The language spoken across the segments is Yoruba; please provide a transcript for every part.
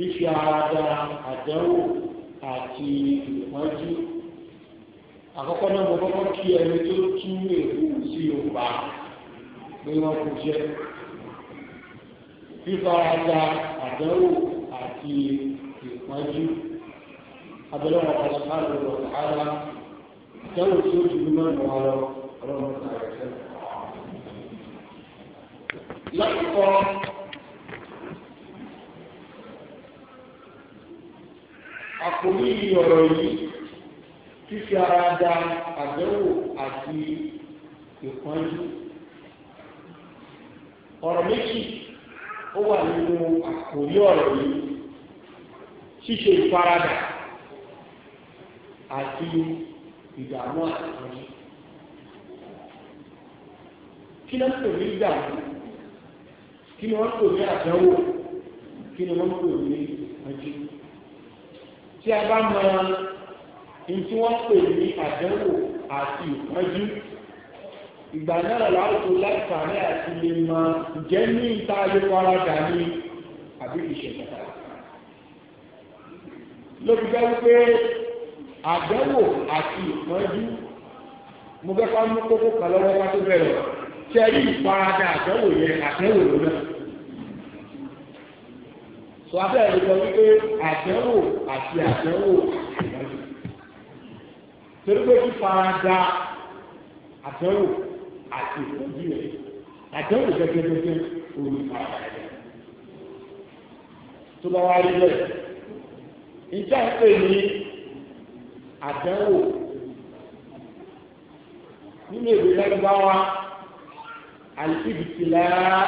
fífi ara da àdánwò àti ìpọ́njú. àkọ́kọ́ náà mo kọ́kọ́ kí ẹni tó tú èkó sí yorùbá pé wọ́n kò jẹ́ fífara da àdánwò àti ìpọ́njú. abẹ́lẹ́ wọn kọ́lá káàdì ọ̀rọ̀ sàárà àdánwò tí ó dùn mọ́ ìwà lọ ọlọ́run sàárà lọ́kọ̀ọ́. àkòrí ọ̀rọ̀ yìí fífi ara da àbẹ̀wò àti ìpọ́njú ọ̀rọ̀ méjì ó wà nínú àkòrí ọ̀rọ̀ yìí ṣíṣe ìfaradà àti ìdààmú àtìkọ́jú kí ló ń pè ní ìdààmú kí ni wọ́n ń pè ní àbẹ̀wò kí ni wọ́n ń pè ní ìpọ́njú tí a bá mọ ntí wọ́n pè ní àdánwò àti ìpọ́njú ìgbà náà láwùjọ láǹfààní àti lè mọ ǹjẹ́ ní ìta ayélujára dà ní àbí ìṣẹ̀dá. lóbi jẹ́ wípé àdánwò àti ìpọ́njú mo fẹ́ ká mú kókó kan lọ́wọ́ wá tó bẹ̀rẹ̀ tẹ́lí ìfaradà àdánwò yẹn àdánwò lónà sọ abẹ́ ẹ̀rí sọ wípé àdánwò àti àdánwò àdánwò torí pé fífaradà àdánwò àti ìtọ́jú rẹ̀ àdánwò gẹ́gẹ́gẹ́gẹ́ orí fara rẹ̀ tó bá wá rí bẹ́ẹ̀ ìjà ń pè ní àdánwò nínú èdè lẹ́gbàá wa àlùfíìdì tìlẹ́ rárá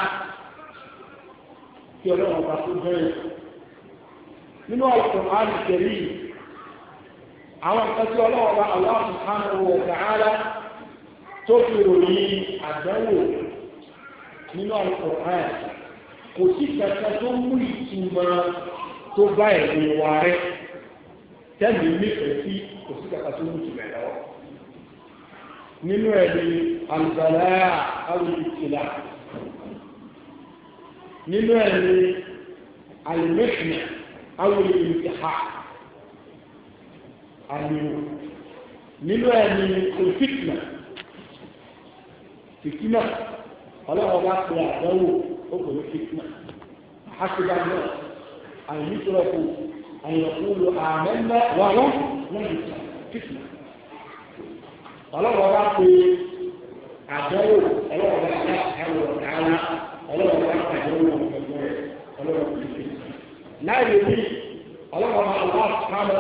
kí ọlọ́run ọba tó bẹ̀rẹ̀ nínú Al-Qur'an Al-Karim àwọn nǹkan tí ọlọ́run ọba Allah subhanahu wa ta'ala tó fi ròyìn àdánwò nínú Al-Qur'an kò sí kẹta tó mú ìtumọ̀ tó bá ẹ̀mí wa rẹ̀ tẹ́lẹ̀ nífẹ̀ẹ́ sí kò sí kẹta tó mú ìtumọ̀ lọ́wọ́ nínú ẹ̀mí àlùbàlá àlùbìtìlá nínú ẹ̀ ní alimẹ́sìnà àwọn ìmìtìhà àlùwò nínú ẹ̀ ní kòfìtìnà fìtìnà ọlọ́wọ́ bá pe àdánwò ó kò ní fìtìnà àṣìbá náà àìníṣòrọ̀kù àyẹ̀kúlò àmẹ́mẹ́ wà lọ́n lẹ́yìn fìtìnà ọlọ́wọ́ bá pe àdánwò ọlọ́wọ́ bá pe àdánwò ọ̀daràn. ọlọ́run wá àyẹ̀wò ọ̀gbọ̀n ọlọ́run kò sí. láàyè bí ọlọ́run máa wá sábà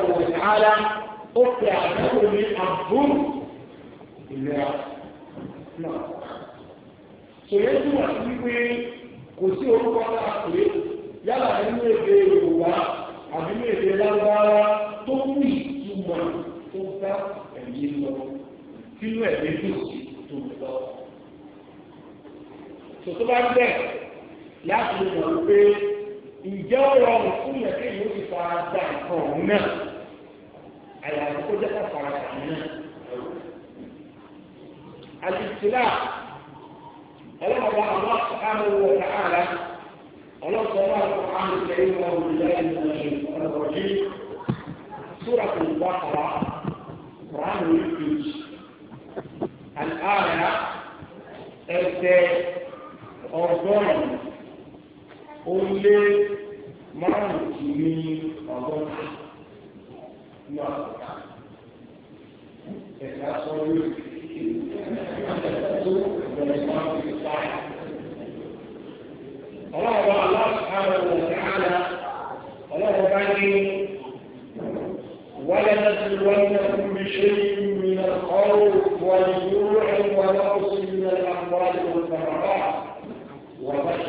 ó pè ní àbúrò ìlera náà. tí wọ́n ti kò sí orúkọ pé yálà nínú èdè Yorùbá àbí èdè lágbára tó ìtumọ̀ tó bá lọ sínú ẹ̀mí tó tó lọ. tòtò bá ń bẹ̀ láti lè mọ̀ wípé ìjẹ́ ọ̀rọ̀ fún yẹn kí ìlú ti fara da nǹkan òun náà àyàfi kó jẹ́ ká fara da òun náà. àlìsílà ọlọ́mọba àwọn àmì wọ̀ káàlà ọlọ́sọ̀rọ̀ àwọn àmì kẹrin wọn ò lè lẹ́yìn ọ̀rọ̀ yìí sóra kò gbà kàrà kùránù yìí kejì àlùkàrà ẹsẹ̀ ọgọ́rùn ó lé márùn-ún ní ọgọ́rùn ní ọ̀sán ẹ̀ka sọ́rí tó bẹ̀rẹ̀ máa ń fi pa. ọlọ́wọ́ aláàbò ọ̀gáàlà ọlọ́wọ́ bá ní wàlẹ́ lẹ́sìn lọ́wọ́ fún mi ṣe é.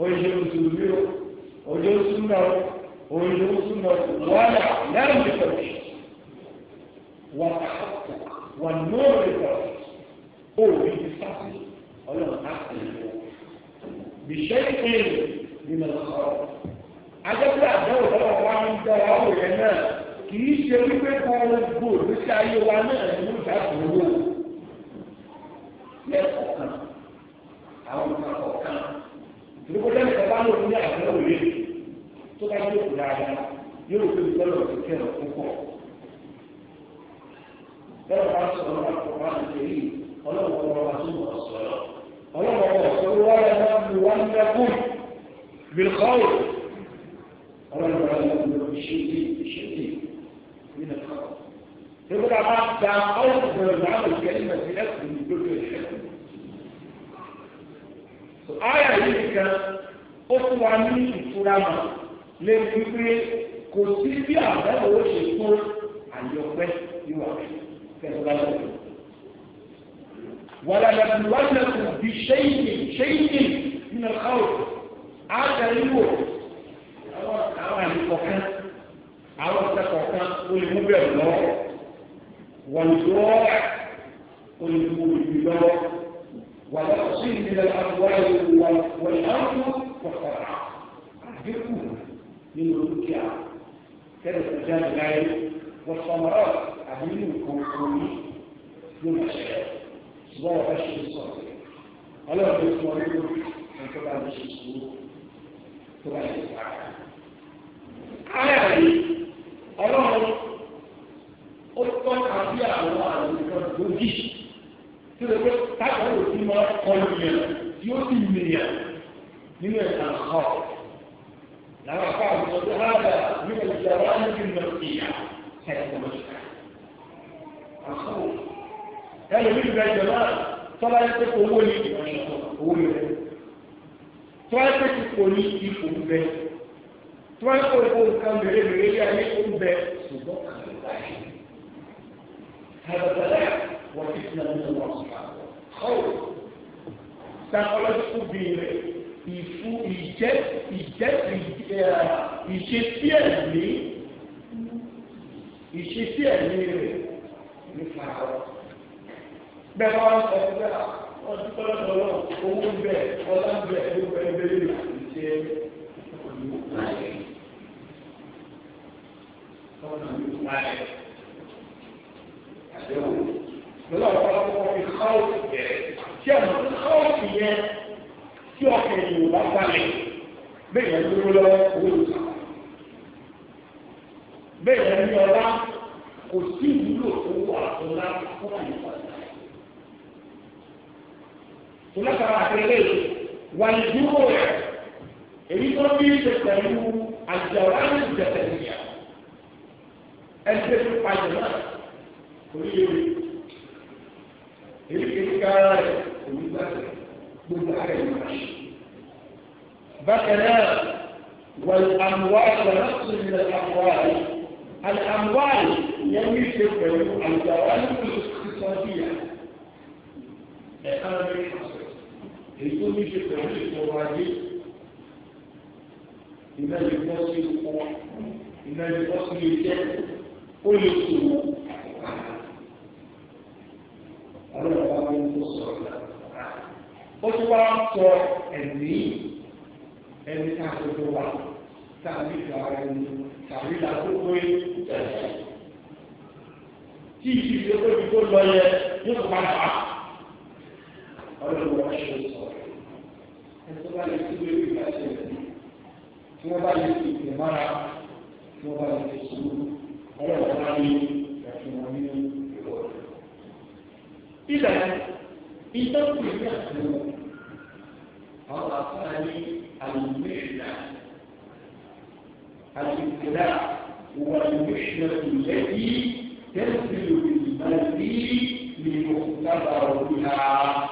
oúnjẹ mùsùlùmí o oúnjẹ mùsùlùmí o oúnjẹ mùsùlùmí o wàhálà lẹ́rù ti tẹ̀lé wọn wọn nọ́ọ̀rù ti tẹ̀lé o ní ti sáfì ọlọ́run á tẹ̀lé o bìṣẹ́ ìpínlẹ̀ nínú ọ̀rọ̀ ajẹ́pẹ́ àdáwò lọ́wọ́ wa ń dá wa òye náà kì í ṣe wípé gbogbo ìgbésí ayé wa náà ní ìgbà gbogbo lẹ́kọ̀ọ̀kan àwọn ìgbà kọ̀ọ̀kan. ìdíkò lẹ́nu kẹta ló ní àgbẹ̀wò yẹn tó bá yóò kú dáadáa yóò tó ní lọ́rọ̀ tó kẹ́rọ̀ púpọ̀. bẹ́ẹ̀ bá sọ̀rọ̀ náà kọ̀ máa ń tẹ̀lé ọlọ́wọ́ ọmọ wa tó mọ̀ sọ̀rọ̀ ọlọ́wọ́ ọmọ sọ̀rọ̀ wá yẹn náà mú wá ń dẹ́kù bìlkọ́wò ọlọ́wọ́ ọmọ ìṣèlú ìṣèlú nínú kọ́. àyà yìí kan ó fún wa ní ìfura mà lè fi pé kò sí bí àbẹ̀wò ó ṣe tó àyọpẹ́ ìwà kẹsàn-án lọ́wọ́. ولنبلونكم بشيء شيء من الخوف عاد اليوم àwọn àlùkọ̀kan àwọn ìtẹ́kọ̀kan olùmúbẹ̀ lọ́wọ́ wọ̀nyí lọ́wọ́ olùmúbẹ̀ lọ́wọ́. والأصيل من الأموال والأرض والثرى أعجبكم من الركع كان استجاب العين والثمرات أعجبكم كوني يوم الشهر صباح الشهر الصالح ألا يسمعون أن تبع الشهر الصالح تبع الشهر آية ọlọ́run ó tọ́ka bí àwọn àlùkò gbòógì tí o pé káàkiri àwọn òsì máa kọlu tí ó sì nìyẹn nínú ẹ̀ka ọ̀ làwọn afọ àwọn ọdún hàdà nínú ìjà wa ní kí ìyá ẹ̀ka mọ̀ṣẹ̀. àkọ́ ẹlòmíì ìgbà ìjọba tọ́lá yẹn pé owó ni owó ni tọ́lá yẹn pé ipò ni ipò ń tọ́lá yẹn pé ipò nǹkan mèrè mèrè yẹn ní ó ń bẹ ṣùgbọ́n kàlẹ́ báyìí. وفتنة من الله سبحانه خوف psychological being rẹ̀ ìfú ìjẹ́ ìjẹ́ ìṣesí ẹ̀mí ìṣesí ẹ̀mí rẹ̀ nípa rẹ̀ bẹ́ẹ̀ bá wọn sọ fún bẹ́ẹ̀ wọ́n ti tọ́lọ́ tọ́lọ́ owó ń bẹ̀ ọlá ń bẹ̀ ẹ̀rú bẹ̀rẹ̀ bẹ̀rẹ̀ lè fi ṣe olùkọ́ rẹ̀ tọ́lọ́ olùkọ́ rẹ̀ àdéhùn lọ́nà ọ̀pọ̀lọpọ̀ fi káwọ́sì bẹ̀rẹ̀ tí a mọ̀ fún káwọ́sì yẹn tí ọkọ̀ ènìyàn bá balẹ̀ bẹ́ẹ̀ yẹn dúró lọ owó ìta bẹ́ẹ̀ yẹn ní ọlá kò sí ìwúlò owó àtúnlá fún àyíká tòlátara àtẹlẹ́ wà ní dúró rẹ̀ èyí tó ní ṣe pẹ̀lú àjàrà ní ìjẹ̀tẹ̀lẹ́yà ẹgbẹ́ tó pa náà. بكنا والأموال ونقص من الأموال الأموال يمشي في الجوانب الاقتصادية economic process èyí tó ní ṣe pẹ̀lú ìṣòro ajé iná lè bọ́ sí oko iná lè bọ́ sí iṣẹ́ ó lè sòwò àwọn ọ̀gá wọn tó sọ̀rọ̀ náà ó tún wá sọ ẹ̀mí ẹni tá gbogbo wa tàbí ìgbàra ẹni tàbí làkókò ẹ̀ṣẹ̀. Tí ìṣì ṣe pé ibi lọ yẹ yóò padà wá. Ọlọ́run wọn ṣe sọ. Ẹ̀sọ́ bá lè tún lé ìgbà ṣe rẹ̀. Tí wọ́n bá lè fi ìpè mára, tí wọ́n bá lè fi sùúrù, ọlọ́run bá lè ẹ̀fún wọn nínú ìwọ̀. Ilẹ̀ ìtọ́kùn ìgbà tó àwọn àfáà ní. المحنة الابتداع هو المحنة التي تنزل بالمرء لمقتضى بها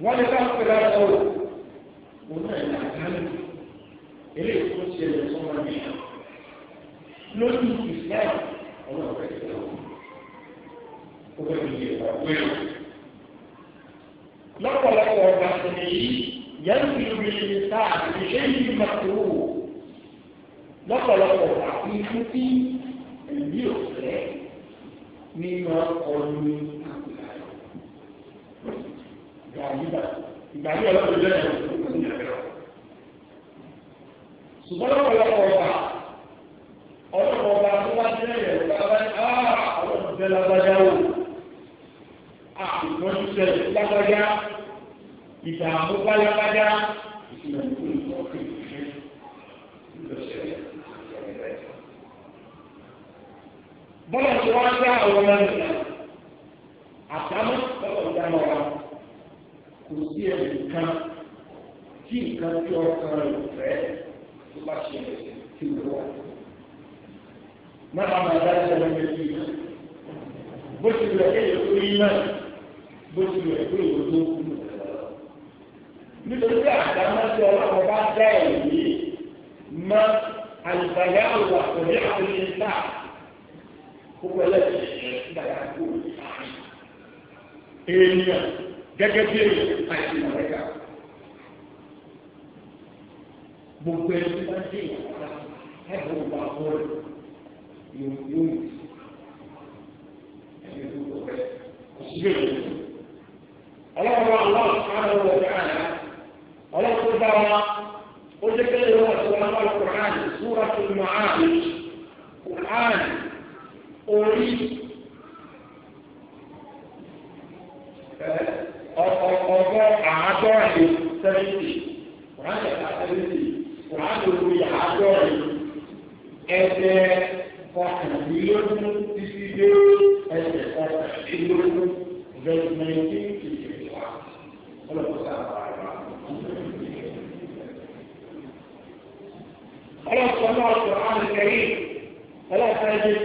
ولتغفر له وما يعتمد إليه تخشى لصوم بها lórí islam ọlọ́run rẹ̀ ṣe lọ́wọ́ ó fẹ́ fi yẹ ìgbà wẹ́rọ. lọ́pọ̀lọpọ̀ ọba sinmi yìí ينفي بالإنسان بشيء مكروه lọ́pọ̀lọpọ̀ àti ikú tí èmi ò fẹ́ nínú ọ̀nù àgbàdo. Gàdúgbà ìgbàdúgbà lọ́pọ̀ jẹ́ ìgbàdúgbà. Ṣùgbọ́n lọ́pọ̀lọpọ̀ ọ̀gá ọlọ́pọ̀ ọba tó bá jẹ́ ẹ̀rọ bàbá ní ọlọ́pọ̀ jẹ́ lágbájá wò. Àìmọ́jú sẹ́yìn lágbájá ìdààmú pálábádá ìṣúná ìlú ìtọ́kì ìṣẹ́ bọ́lá tí wọ́n dá àwọn ọmọ nìyà àtàmọ́ bọ́lá ìdáná wa kò sí ẹ̀mí kan tí nǹkan tí ọkàn rẹ̀ fẹ́ tó bá ṣe tí ó wà. Mẹ́ta máa dájú ẹ̀rọ ní ojú Bó ti lọ ẹ̀yọ̀ tó yí náà, bó ti lọ ẹ̀kọ́ ìwòsàn òkú nítorí pé àdámọ́ tí ọlọ́run bá dá èyí mọ àlùbáyá òwò àkọ́lé àkọ́lé níta gbogbo ẹlẹ́sìn ẹ̀ṣẹ̀ nígbàdá kó èèyàn gẹ́gẹ́ bí èèyàn àti ìmọ̀lẹ́gà gbogbo ẹni tí wọ́n dé ìwọ̀nba ẹ̀rọ ìwà bọ́ọ̀lù yóò yóò ẹni tó gbọ́ kò sí ọlọ́run wa wọ̀ ọlọ́run tó dá wa ó jẹ́ kí lóyún wọn tó wọn lọ́wọ́ kùránì súra tó lọ ààrẹ kùránì orí ọgọ́ àádọ́rin sẹ́fìtì kùránì ẹ̀ka sẹ́fìtì kùránì orí àádọ́rin ẹsẹ̀ kọkànlélógún títí dé ẹsẹ̀ kọkànlélógún verse nineteen to twenty one ọlọ́run tó dá wa. ألا so sọ الكريم Al-Qur'an تجد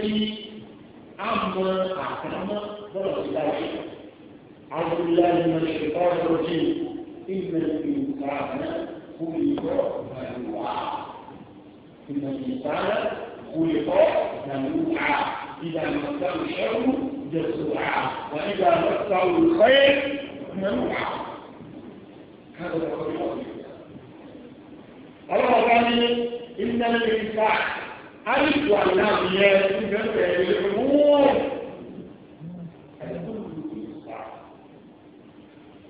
ọlọ́run fẹ́ jẹ́ kí أعوذ بالله من الشيطان الرجيم إن الإنسان خلق هلوعا إن الإنسان خلق هلوعا إذا مسه الشر جزوعا وإذا مسه الخير منوعا ọlọ́wọ́ bá ní ìnáwó ìfà alùpùpù àláàbù yẹ ìgbẹ́fẹ̀ ìwúwọ́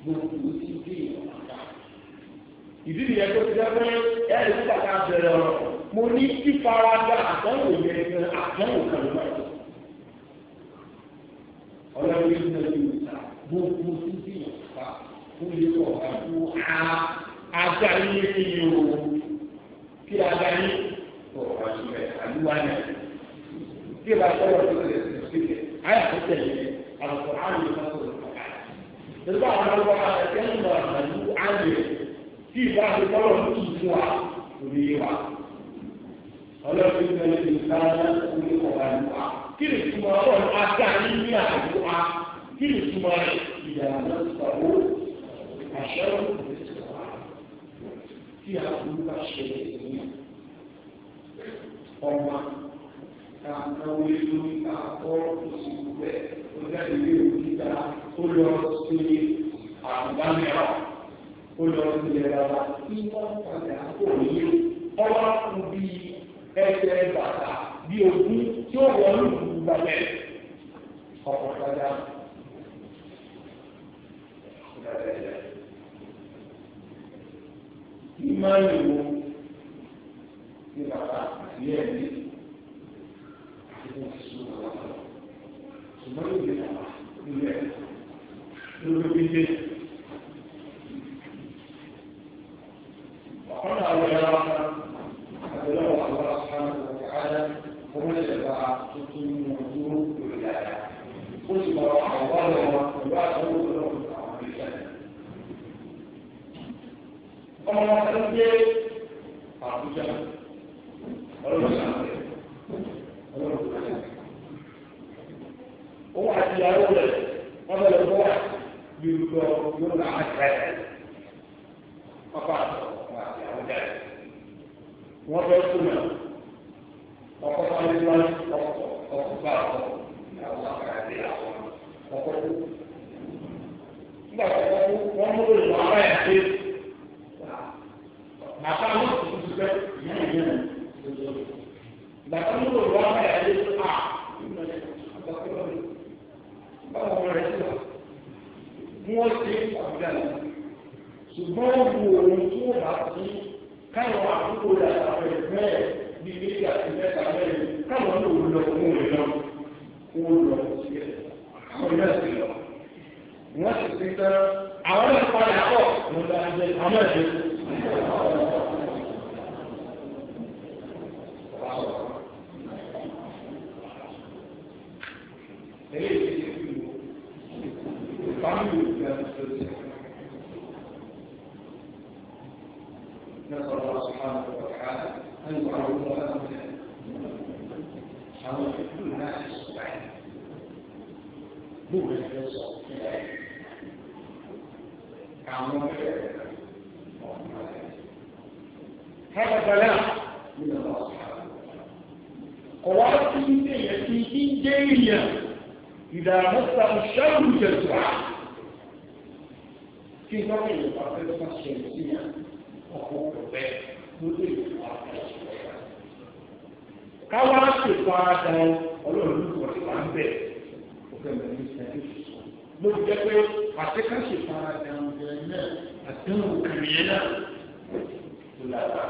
gbogbo ti dé ìwọ̀nba ìdí nìyẹn tó ti dẹ́pẹ́ ẹ̀rí nígbà tá a bẹ̀rẹ̀ ọ̀rọ̀ mo ní fífaradà àtọ́wò yẹn ní àtọ́wò kan lọ́wọ́ ọlọ́wọ́ yìí ń tẹ̀lé ìwọ̀nba gbogbo ti wúlé kọ̀ kú á adarí yìí o kí adarí kọ̀ wá síbẹ̀ àlùwá náà kí bá sọ̀rọ̀ tó lè tó síbẹ̀ ayé tó tẹ̀lé àlùkò àlù tó tó lè kọ̀ nígbà wọn lọ wá ẹgbẹ́ ńlọ àlù àlù tí ìbá ti bọ́lọ̀ tó tù fún wa kò ní yé wa ọlọ́run ti bẹ̀rẹ̀ ní ìlànà wúlé kọ̀ wá nípa kí ni ìtumọ̀ ọlọ́run adarí ní àlùwá kí ni ìtumọ̀ ìyàwó ìgbàwó àṣàrò òkùnkùn ti sọ̀rọ̀ wá a kò ní bá ṣe èyí ọmọ ká náwó lórí ká kọ́ òsì rẹ̀ ó jáde ní òkúta ó lọ sí àgbámẹ́rà ó lọ sí ẹ̀rọ tí wọ́n padà kò yé ọwọ́ kù bí ẹsẹ̀ bàtà bí ogún tí ó wọ ní ìgbà bẹ́ẹ̀ ọ̀pọ̀ padà. ìmáyé wo ní bàbá àti ẹ̀mí ìwọ ti sùn bàbá ṣùgbọ́n yóò lè bàbá nílẹ̀ lórí wípé ọ̀nà àwọn ẹ̀rọ àbẹ̀lẹ̀ wà lọ́wọ́ sáré wọ̀nyí ara wọ́n lè bá tuntun lórí ó sì bá àwọn ọmọ wọn fẹ́ gbé àbújá ọlọ́run ṣàlàyé ọlọ́run àti ìyàwó rẹ̀ wọ́n bẹ̀rẹ̀ fún wa yóò lọ yóò lọ àwọn ìfẹ́ rẹ̀ pápá àti ìyàwó rẹ̀ wọ́n fẹ́ fún mi ọkọ̀ fún mi lọ́wọ́ ọkọ̀ ọkọ̀ bá ọkọ̀ ìyàwó àkàrà ìyàwó ọkọ̀ fún. nígbà tó wọ́n mú lórí wọn ará ẹ̀ màtá ló tó tó bẹ ìyá ìyá rẹ màtá ló tó wà bá yàrá yẹn a báwo wọn rẹ sí wa wọn ṣe àbúrò àná ṣùgbọ́n ó bu òun tó wà sí káwọn àkókò rẹ àwọn ẹgbẹ́ bíi méjì àti mẹ́ta mẹ́rin káwọn ló lọ fún òun lọ fún òun lọ sí ẹ àwọn ìyá sí lọ wọn sì ti tán àwọn ẹ̀ka ìyàbọ̀ ló ń bá ẹgbẹ́ àwọn نسأل الله سبحانه وتعالى أن يعلم أمنا حول كل ناس بعيد مولد يصل إليه كعمل هذا بلاء من الله سبحانه وتعالى قوات التي جارية ìdá mọ́ta ṣáàlù jẹ̀dùá kí n lọ́kàn yìí wà fẹ́ fún ṣe sí yà ọkọ̀ ọ̀bẹ lórí ìwà káwá ṣètò àdá ọlọ́run ló wọ̀ sí wà ń bẹ̀ ọ̀fẹ́ mi ní sẹ́yìn ló fi jẹ́ pé àtẹ́ká ṣètò àdá ọ̀bẹ náà àdéhùn kìnìyàn náà ló lára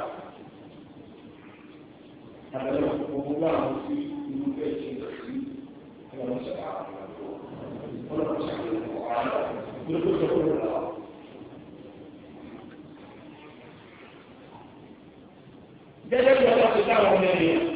àdàlọ́ ọ̀gbọ́n wà wọ́n sí inú bẹ́ẹ̀ ṣe lọ́sọ̀ gẹ́gẹ́ bí ọlọ́run ti ọmọ ẹ̀yìn.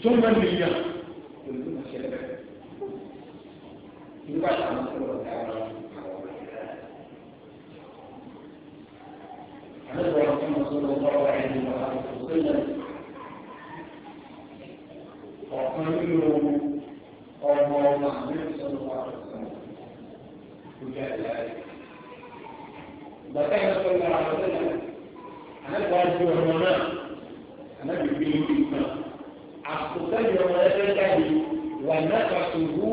ìjọba nìyẹn kò ní ma ṣẹlẹ̀ bẹ́ẹ̀. nígbà àwọn ọmọ ọ̀gá wa àwọn ọmọ ìlera ọmọ ọ̀gá wọn kò jẹ́ ìlera rẹ̀ àkókò ìrọ̀mọ ẹgbẹ́ jáde wà náà tó wú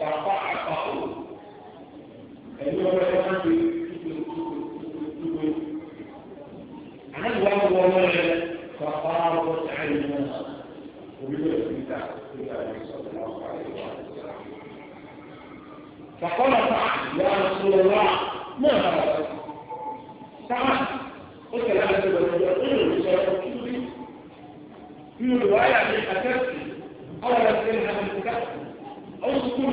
kápá àpapọ̀ ẹ̀mí ọmọ ẹgbẹ́ máa ń gbé dúdú àgbà wọ ọmọ rẹ kápá ọmọ sáré náà orílẹ̀ èdè níta nígbà tó sọ̀rọ̀ náà wà lẹ́yìn wà lẹ́yìn. فقال سعد يا رسول الله ما هذا؟ سعد قلت له أنت بتقول شيئا من الرواية الأساسي أو الأساسي عن الكتاب أو السكون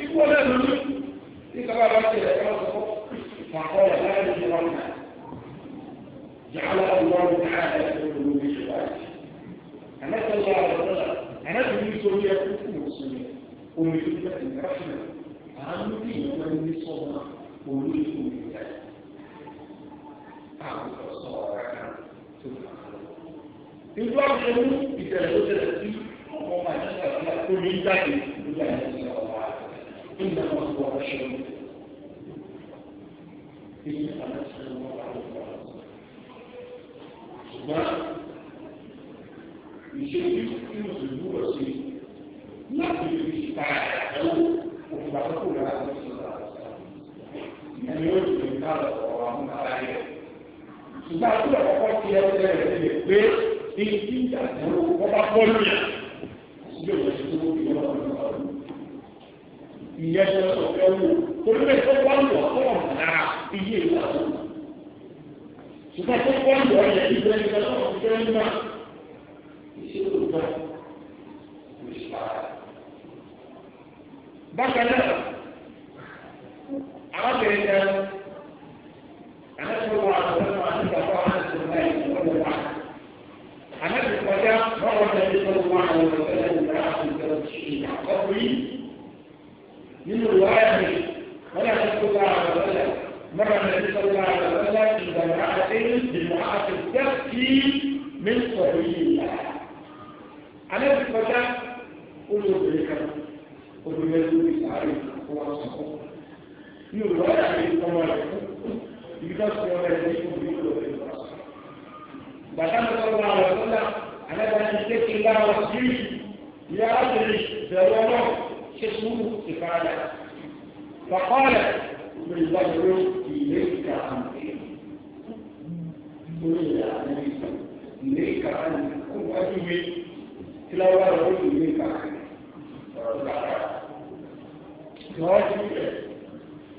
يقول لا نمي يتبع بك إلى كما فقال لا يجرمنا جعل الله تعالى في قلوب عباده أنس الله عليه وسلم أنس بن سوريا كنت مسلمين ومن فتنة رحمة أهم دين من الصلاة ومن الأمة ìlú àwọn ẹni ìṣẹ̀lẹ̀ tó ṣẹlẹ̀ sí ọmọ máa ń ṣàkóso tó ní jáde ìlú àyẹ̀wò ìṣẹ̀lẹ̀ wa ìgbà wọn kò wọ́n ṣe wọn. ṣùgbọ́n ìṣèlú tí mo sì gbúdọ̀ sí láti fi ta ẹ̀rọ òkúta tó kù lára ní ìṣẹ̀lẹ̀ ẹni yóò tún ní ká lọ́wọ́ àwọn ará yẹn. ṣùgbọ́n àtúntò àkọ́kọ́ ti ẹgbẹ́ rẹ̀ lè pé èyí tí ìjà tó wọ́n bá bọ́ lórí ẹ̀ sílẹ̀ wọ́n ti tó ìwọ́n lọ́wọ́ lọ́wọ́ ìyẹn tó sọ fẹ́ wò torí pé tó wọ́n lọ ọ̀rọ̀ náà iye ìwà tó ṣùgbọ́n tó wọ́n lọ ẹ̀ ìgbẹ́ ìgbẹ́ lọ́wọ́ ìgbẹ́ ńlá ìṣèlú gbà bákan náà àwọn kẹrìndínlẹ́ معنى وكلام العقل كالتشهيد قولي من الواحد ولا تدخل على الولد مر النبي صلى الله عليه وسلم إذا امرأتين بامرأة تبكي من صحيح الله أنا في الفتاة قل يدرك قل يدرك عليك هو صحيح يقول ولا عليك كما يقول يقول صلى الله عليه وسلم بكم صلى الله عليه وسلم أنا بنتك الله وحدي لا أدري زواله شسمه تفعله فقال من ظهر إليك أمري قل يا نبي إليك أمري قم أدوي تلاوة إليك أمري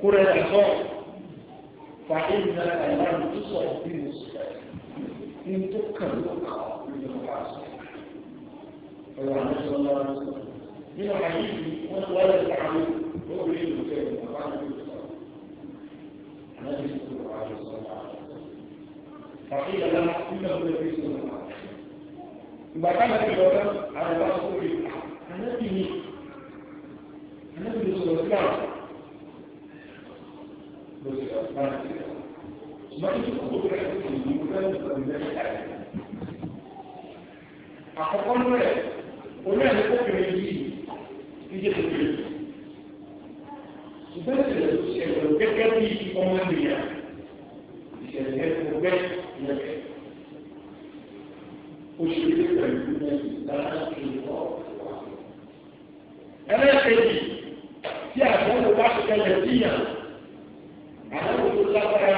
قرأ الخوف فإنك لم تصب بمصر ní tó kàn ló kà ó lè wá sí. ọ̀rọ̀ àwọn sọ lọ́wọ́ sọ. nínú àyè yìí wọ́n ti wáyé láàrin lórí ìlú tẹ̀ wọ́n bá ní ìlú sọ. àwọn ìlú tó wà lọ sọ náà. kàfí yàrá nínú àwọn ìlú sọ náà. ìgbà táwọn ti lọ náà àwọn sọ pé ànábì ni ànábì ni sọ̀rọ̀ sí àwọn. lọ́sọ̀rọ̀ bá ń tẹ̀lé ṣùgbọ́n ní ìṣòro rẹ̀ kò ní ìlú fẹ́ ìṣòro rẹ̀ ṣàlẹ̀. àkọ́kọ́ ló rẹ̀ olú ẹ̀ ní kókèrè yìí ti jẹ́ kékeré. ṣùgbọ́n ìṣẹ̀lẹ̀ tó ṣẹlẹ̀ gẹ́gẹ́ bí ọmọ ènìyàn ìṣẹ̀lẹ̀ tó bẹ́ ìyẹ̀kẹ́. oṣù tó pẹ̀lú mẹ́rin lára ṣe ọ̀ ẹlẹ́kẹ̀ẹ́jì tí àgbọ̀n ló bá ṣẹlẹ̀ síyàn àwọn olùlágbára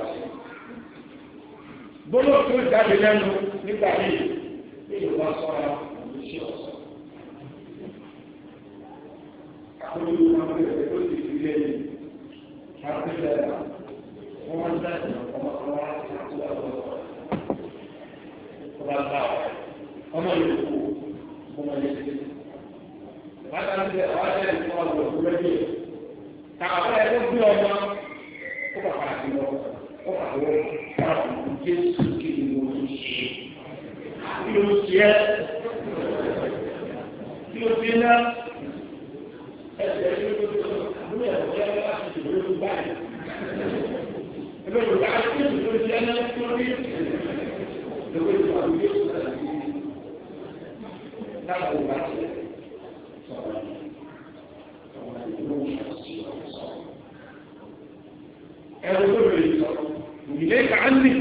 gbólóhùn tó jáde lẹ́nu nígbà yìí bí ìwà sọ́ra ìṣe ọ̀sán. àwọn olùkọ́ ẹgbẹ́ tó ti fi lẹ́yìn àpẹẹrẹ wọn wá jáde ọmọ ọmọ àti àwọn ọba gbà ọmọ yòókù ọmọ yòókù. wájà ń bẹ wájà ń bẹ ọmọ yòókù lẹ́yìn. tààbà ẹgbẹ́ bí ọmọ ó bàbá àti ọmọ ó kà jésù kí ni mo tún ṣe kí ló ṣe ẹ́ kí ló ṣe náà ẹsẹ̀ kí ló ṣe àbúrò ẹ̀rọ jẹ́ láti ṣòro ló báyìí ẹgbẹ́ ìgbà kí ló ṣe náà tó rí lọ́wọ́ ìgbà wo yóò ṣe àlàyé náà wò bá ṣe. بعيد عنك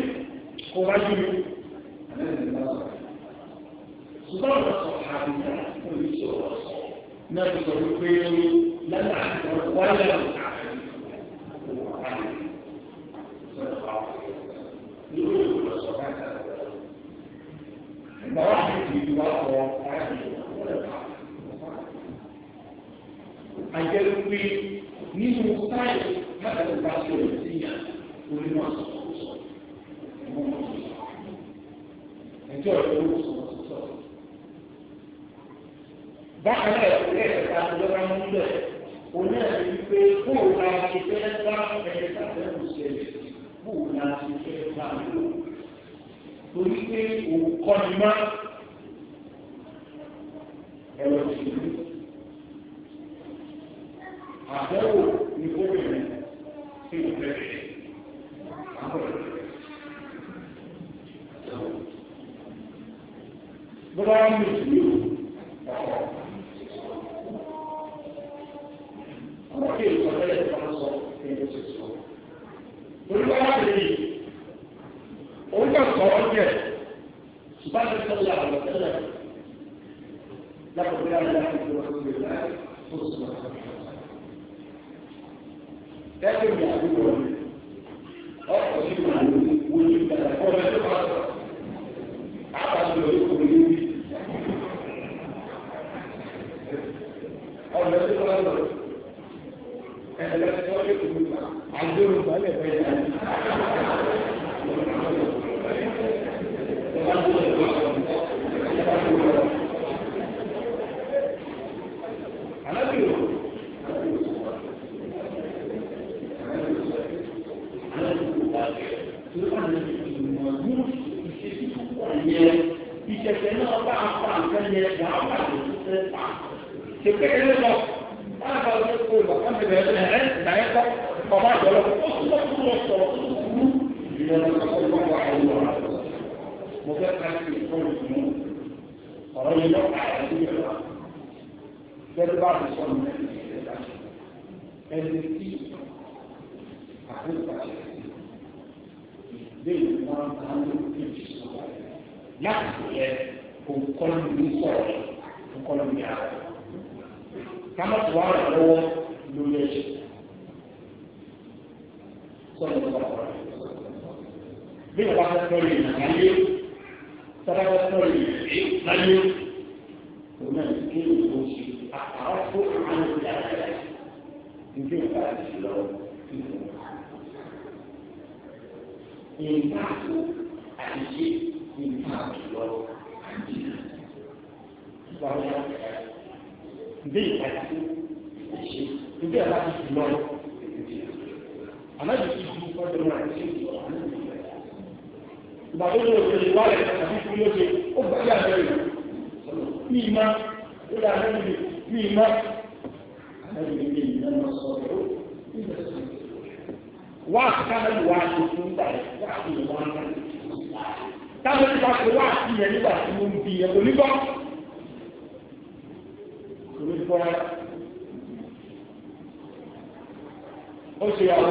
ìyàwó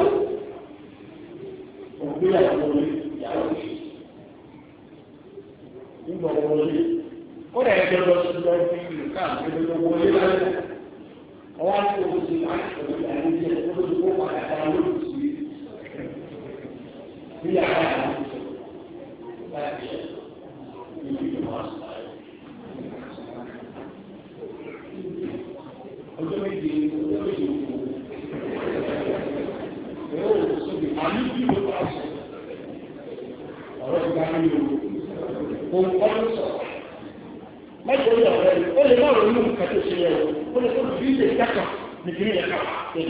òun gbéyàwó lórí nígbà wọlé ó dẹ̀ ẹgbẹ́ lọ sí lọ sí ìlú káàkiri lọ wọlé lálẹ́ ọwọ́ àti oṣù àti oṣù àti oṣù kó padà dáná lóṣù sí ìyàwó àná. nìkiri yẹn kà tó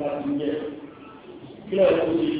bá ti ń jẹ kílẹ̀ ọ̀rọ̀ ti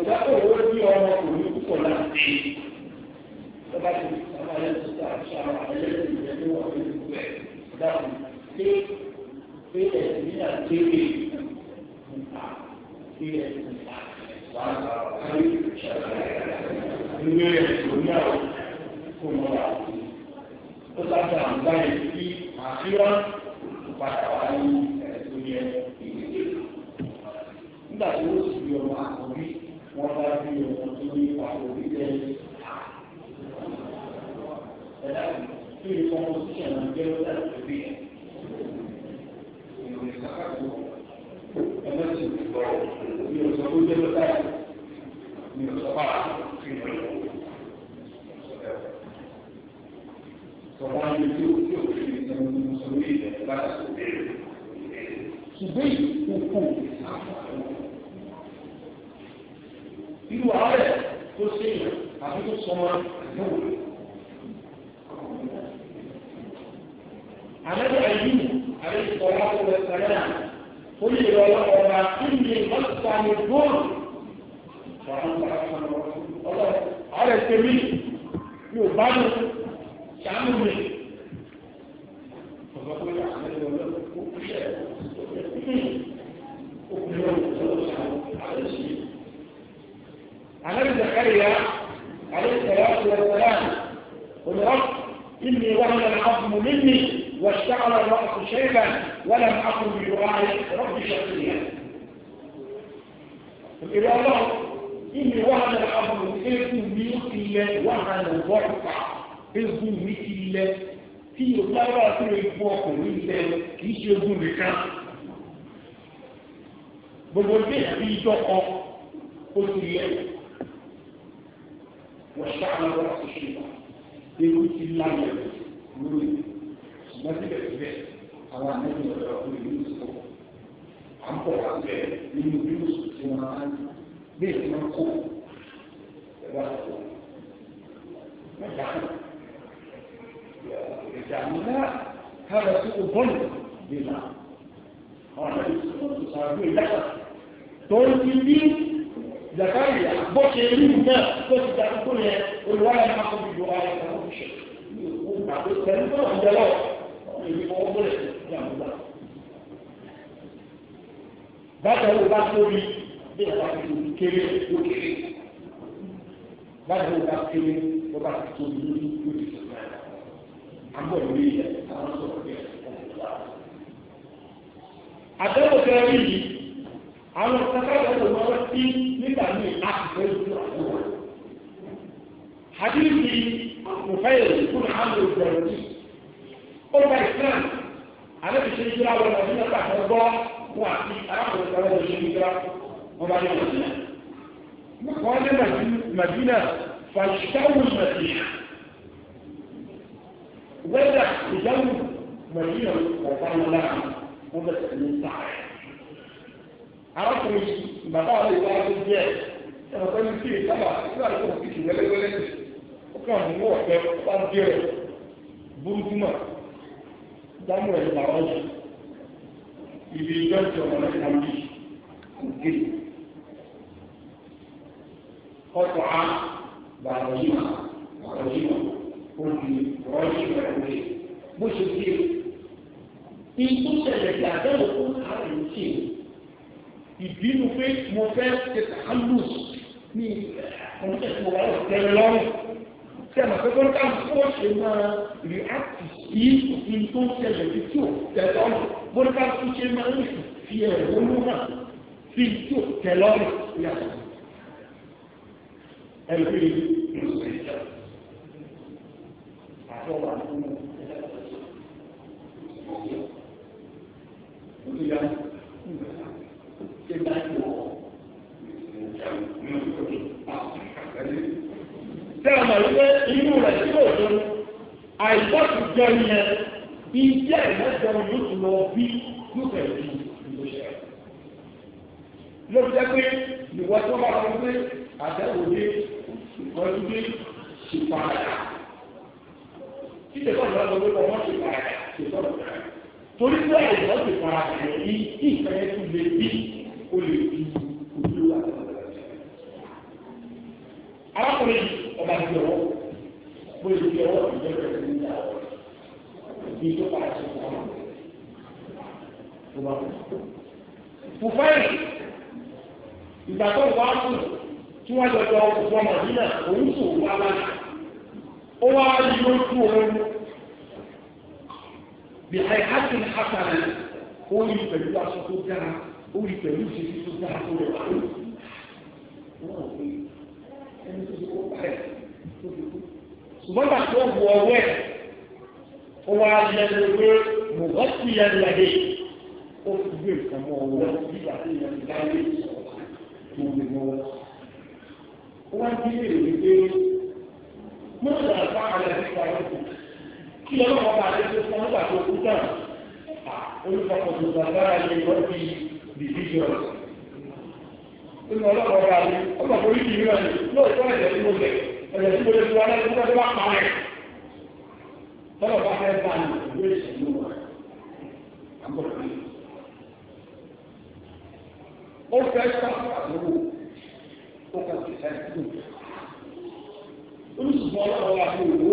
ọ̀gá tó wọ́n ní ọmọ òní púpọ̀ láti ṣe ọba tó ọba yẹn tó ta àṣà ẹlẹ́sìn ìyẹn tó wà nínú rẹ̀ dáhùn pé pé ẹ̀sìn ní àgbèrè nípa pé ẹ̀sìn nípa wà á bá wà ní ìwé ẹ̀sìn ní àwọn kò mọ̀ wà. ó sábà ń báyìí sí àfihàn. tó ń ti rí zakaria bó ṣe rí náà tó ti dàgbé tó yẹ olùwárà máa kó bìbò ara ẹ̀ kó ṣe ní òkú tàbí pẹ̀lú tó ń jẹlọ èmi fọwọ́ bọ̀lẹ̀ ní àbúrò. bàtà wo bá tóbi bí ẹ̀ka ti tóbi kéré ló kéré bàtà wo bá kéré ló bá ti tóbi ló ti tóbi àbọ̀ ìwé yẹ àwọn sọ̀rọ̀ bí ẹ̀ àdéhùn tẹ́lẹ̀ yìí. àwọn ìsẹ́kẹ́ ẹ̀rọ máa wá sí nígbà míì láti fẹ́ lójú àwọn wa. Hadithi Mufayil Kuna Amu Ibrahim ó gba Islam alẹ́bi ṣe ìjìlá wọn lọ sí ọ̀tà kan gbọ́ wọn àti arákùnrin kan lọ́wọ́ ṣe ìjìlá wọn bá ní Màdínà. Wọ́n ní Màdínà fàṣíkàwù Màdínà. Wẹ́dà ìjáwù Màdínà ọ̀bá wọn lára wọn bẹ̀rẹ̀ ní sáré. arákùnrin yìí bàbá rẹ̀ wá ló díẹ̀ ẹ̀rọ pẹ̀lú sí ìtàbà nígbà tó kò kìkì wẹ́lẹ́wẹ́lẹ́ ó kàn mú ọ̀fẹ́ wá díẹ̀ burúkú mà dámú ẹ̀ làwọn yìí ibi ìjọ ìjọ ọ̀nà ìtàbí kò gé ọ̀tọ̀ á bàbá yìí mà bàbá yìí mà ó di rọ́ọ̀lì rẹ̀ wé bó ṣe gé ìtúsẹ̀lẹ̀ gbàgbẹ́ òkú àrùn sí i ìbínú pé mo fẹ́ ṣe kálùs ní ọ̀nà tí mo lọ́rùn tí a máa fẹ́ kọ́ńtà fún ṣe máa rìákì sí òfin tó ń ṣẹlẹ̀ sí tí ò tẹ̀ lọ́rùn bóńtà fún ṣe máa ń fi ẹ̀rọ ló hàn sí tí ò tẹ̀ lọ́rùn yàtọ̀ ẹ̀rọ ìlú ìlú ìjọba àtọ́wà fún mi. jẹ́ yẹn ìjẹ́ ìmẹ́jọ yóò tún lọ bí yóò fẹ́ bí ìlú ṣe. ló jẹ́ pé ìwọ tó bá lọ pé àtẹ̀wò dé ìkọjú dé ṣèpàdà títẹ̀ kọ́ ìlú ọ̀dọ́ wọn ṣèpàdà ṣèpàdà torí pé àìsàn ṣèpàdà yìí kí ìfẹ́ tún lè bí o lè fi ojú àtẹ̀wò arákùnrin ọba ti ọwọ́ bóyá ti ọwọ́ ìjọba ìjọba ìjọba ibi tó padà sí tó bá kú. tí wọ́n jọ jọ òkùnkùn òun sò wá láti. Ó wá yí lójú òun bìtẹ̀ hàtì hàtàlẹ̀ ó yí pẹ̀lú aṣọ tó dára ó yí pẹ̀lú ìṣesí tó dára tó rẹwà lónìí. Wọ́n rò pé ẹni tó ti kó parẹ́ tó ti kú. Ṣùgbọ́n bàtí ó wọ ọwọ́ ẹ̀ ó wá lẹ́nu pé mo wọ́n ti lẹ́nu ẹ̀dẹ́ ó fi gbé nǹkan mọ́ ọwọ́ nígbà tí ìyẹn ti dá ilé ìsọ̀rọ̀ tó gbé mọ́wọ́. ó wá bí lè rí pé mọ́tò àgbà àlẹ́ nípa ẹ̀kọ́ kí ọlọ́wọ́ bá lè tó fún ọgbà tó kú tán olùkọ́kọ́ tó gbàgbára lè wọ́n fi bìbí jọ nínú ọlọ́pàá ọba mi ọgbà forí kì í rẹ̀ lóòótọ́ ẹ̀jẹ̀ tí mo bẹ̀ ẹ̀jẹ̀ tí mo lè fi wá lẹ́nu tó bá pa rẹ̀ tọ́lọ̀ bá fẹ́ bá ní ìlú ìṣẹ̀lú wa àgbọ̀dọ̀ mi. ó fẹ́ sọ̀rọ̀ àbúrò ó kà sí ẹ̀kú. olùsùnmọ́ ọlọ́run wa ní òwò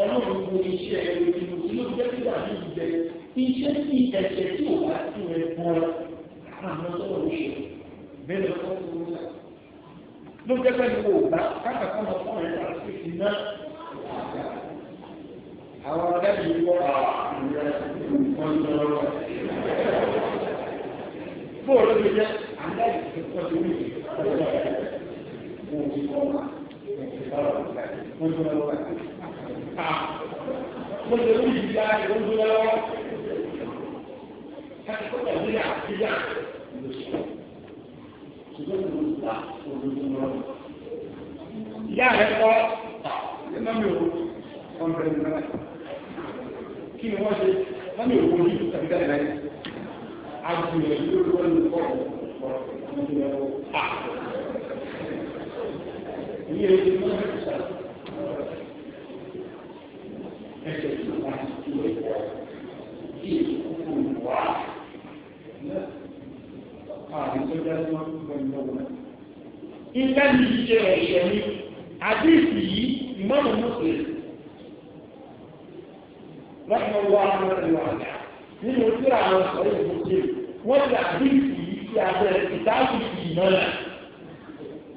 ọlọ́run wo iṣẹ́ ẹ̀rọ ìlú tí ló jẹ́ sígbà ní ìjẹ iṣẹ́ tí ẹ̀jẹ̀ tí ò bá sí rẹ̀ bọ́ àwọn ọlọ́run ṣe bẹ́ẹ̀ lọ́kọ́ tó ń lọ. ló jẹ́ pẹ́ ní kò bá káàkiri kan lọ fún ọ̀rẹ́ àti ìsìn àwọn ọlẹ́bí wọ́n bá ìrẹsì bóòlù ló jẹ́ àlẹ́ ìtọ́jú mi ọjọ́ ẹ̀ kò sí ọ̀la mo jẹ́ lọ́wọ́ mo jẹ́ lórí ìyá ìwọ́n tó lọ́wọ́ kẹ́kọ̀ọ́ pẹ̀lú ìyá ìyá ló sọ ṣùgbọ́n mo ń ta olójú lọ́wọ́. ìyá rẹ̀ kọ́ ẹ̀ mọ́ mi ò kọ́ ń bẹ̀rẹ̀ nígbà kí ni wọ́n ṣe wọ́n ní òwò yìí tàbí ká lẹ́yìn àgbèrè lórí wọn ní kọ́ ìyẹn ti mọ́ ẹ̀ṣẹ̀ ẹ̀ṣẹ̀ tí wọ́n ti tú ẹ̀kọ́ ní ọ̀wọ́ ẹ̀ṣẹ̀ ni àdéhùn yìí ìmọ̀ràn mọ́tò lọ́sọ̀ wọ àwọn ẹ̀rọ àgbà nínú síra àwọn ndị ìgbòkè wọ́n ti Nwoke yìí sí abẹ́ ìdáhùn yìí náà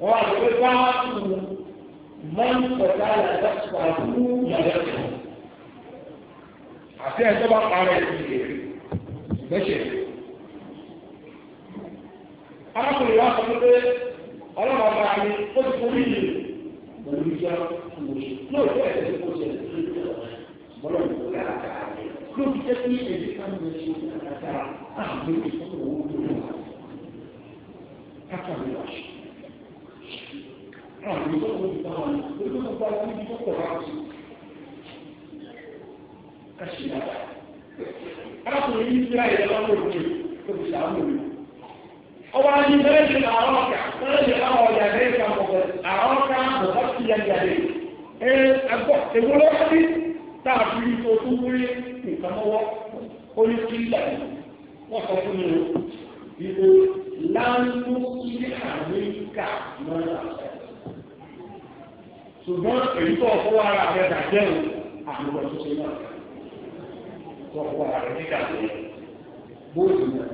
wọ́n wá lórí bá tù mọ́n kọ̀dá yàtọ̀ pàdú yàtọ̀ àti ẹ̀ tó bọ́lá ìlú rẹ̀ àtàrà ló fi jẹ́ kí èdè kan lè ṣe àtàrà àmì ìfún owó tó lò wá. Káfà mi wá ṣe. Àmì ìfún owó tó wà ní ojú tó gbára níbi tó pọ̀ láti. Kàṣí yàrá. Arákùnrin yìí ti ráyè lọ́wọ́ òkè tó fi ṣàánú mi. Ọba ní bẹ́ẹ̀ ṣe àwọn ọ̀kà, bẹ́ẹ̀ ṣe àwọn ọ̀yà bẹ́ẹ̀ ṣe àwọn ọ̀kà, táà fi rí tó rí nǹkan lọ́wọ́ ó ní kí ìgbà wọ́n sọ fún mi o ìbò láńlú ilé àmẹ́ríkà máa ń àṣẹ. ṣùgbọ́n èyí tó ọkọ̀ ara rẹ̀ dàjẹ́ o àmì wọn ṣe náà tó ọkọ̀ ara rẹ̀ nígbà tó yẹ bóòlù náà.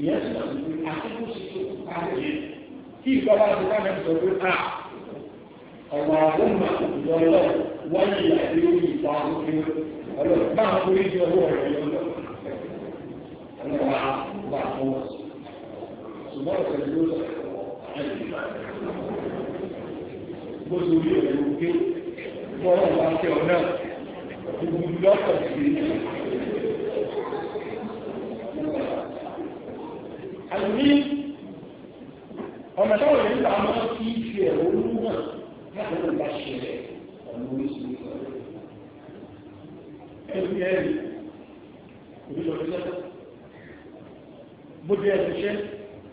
ìyẹn sọ̀rọ̀ àti kó ṣe tó kó kárẹ̀ yẹn kí ìjọba àti kárẹ̀ sọ̀rọ̀ pé a. Ah, اللهم الله ولي أبيه طاعته ولو ما أريد هو أنا مع خلاص سبارة الجوز بزولي ويمكن ولا بعث هناك بملاقة المين ọmọ táwọn ènìyàn máa ń fi ìfẹ́ òun náà kí àwọn ọ̀gá ṣe rẹ̀ ọ̀nà oríṣiríṣi ọ̀rẹ́. ẹbí ẹ̀rí òbí lọ sí ẹ̀kọ́ bó dé ẹ̀rí iṣẹ́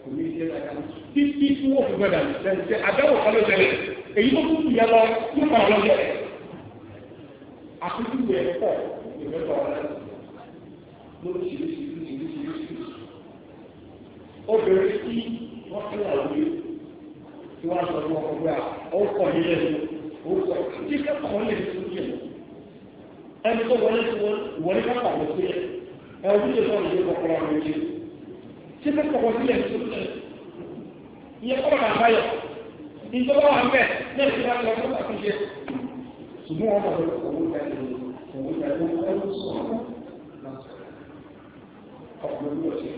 kò ní ṣe ẹ̀ka títí tí wọ́n fi gbọ́dọ̀ lẹ́nu tẹ àdáwò kan ló tẹ̀lé èyí tó kú ìyá lọ tó kọ̀ ọ́ lọ́jọ́ rẹ̀ àkókò rẹ̀ pọ̀ ìrẹ́pọ̀ rẹ̀ lóríṣiríṣi lóríṣiríṣi obìnrin tí wọ́n fẹ́ àwọn ìlú tí wọ́n sọ fún ọkọ̀ pé ah, ó kọ̀ nílẹ̀ ó kọ̀ tí kẹ́kọ̀ọ́ lè tún yẹ ẹni tó wọlé tó wọlé kápá ló pé ẹ ojú lè sọ ìdí kọkọ lọ lójú tí kẹ́kọ̀ọ́ sílẹ̀ tó lẹ̀ ìyẹn kọ́ bàtà báyọ̀ ìjọba wà mẹ́ náà ti máa lọ fún àtúnṣe ṣùgbọ́n wọn bọ̀ lọ́wọ́ òun ìgbà tó òun ìgbà tó ń sọ ọkùnrin ló ti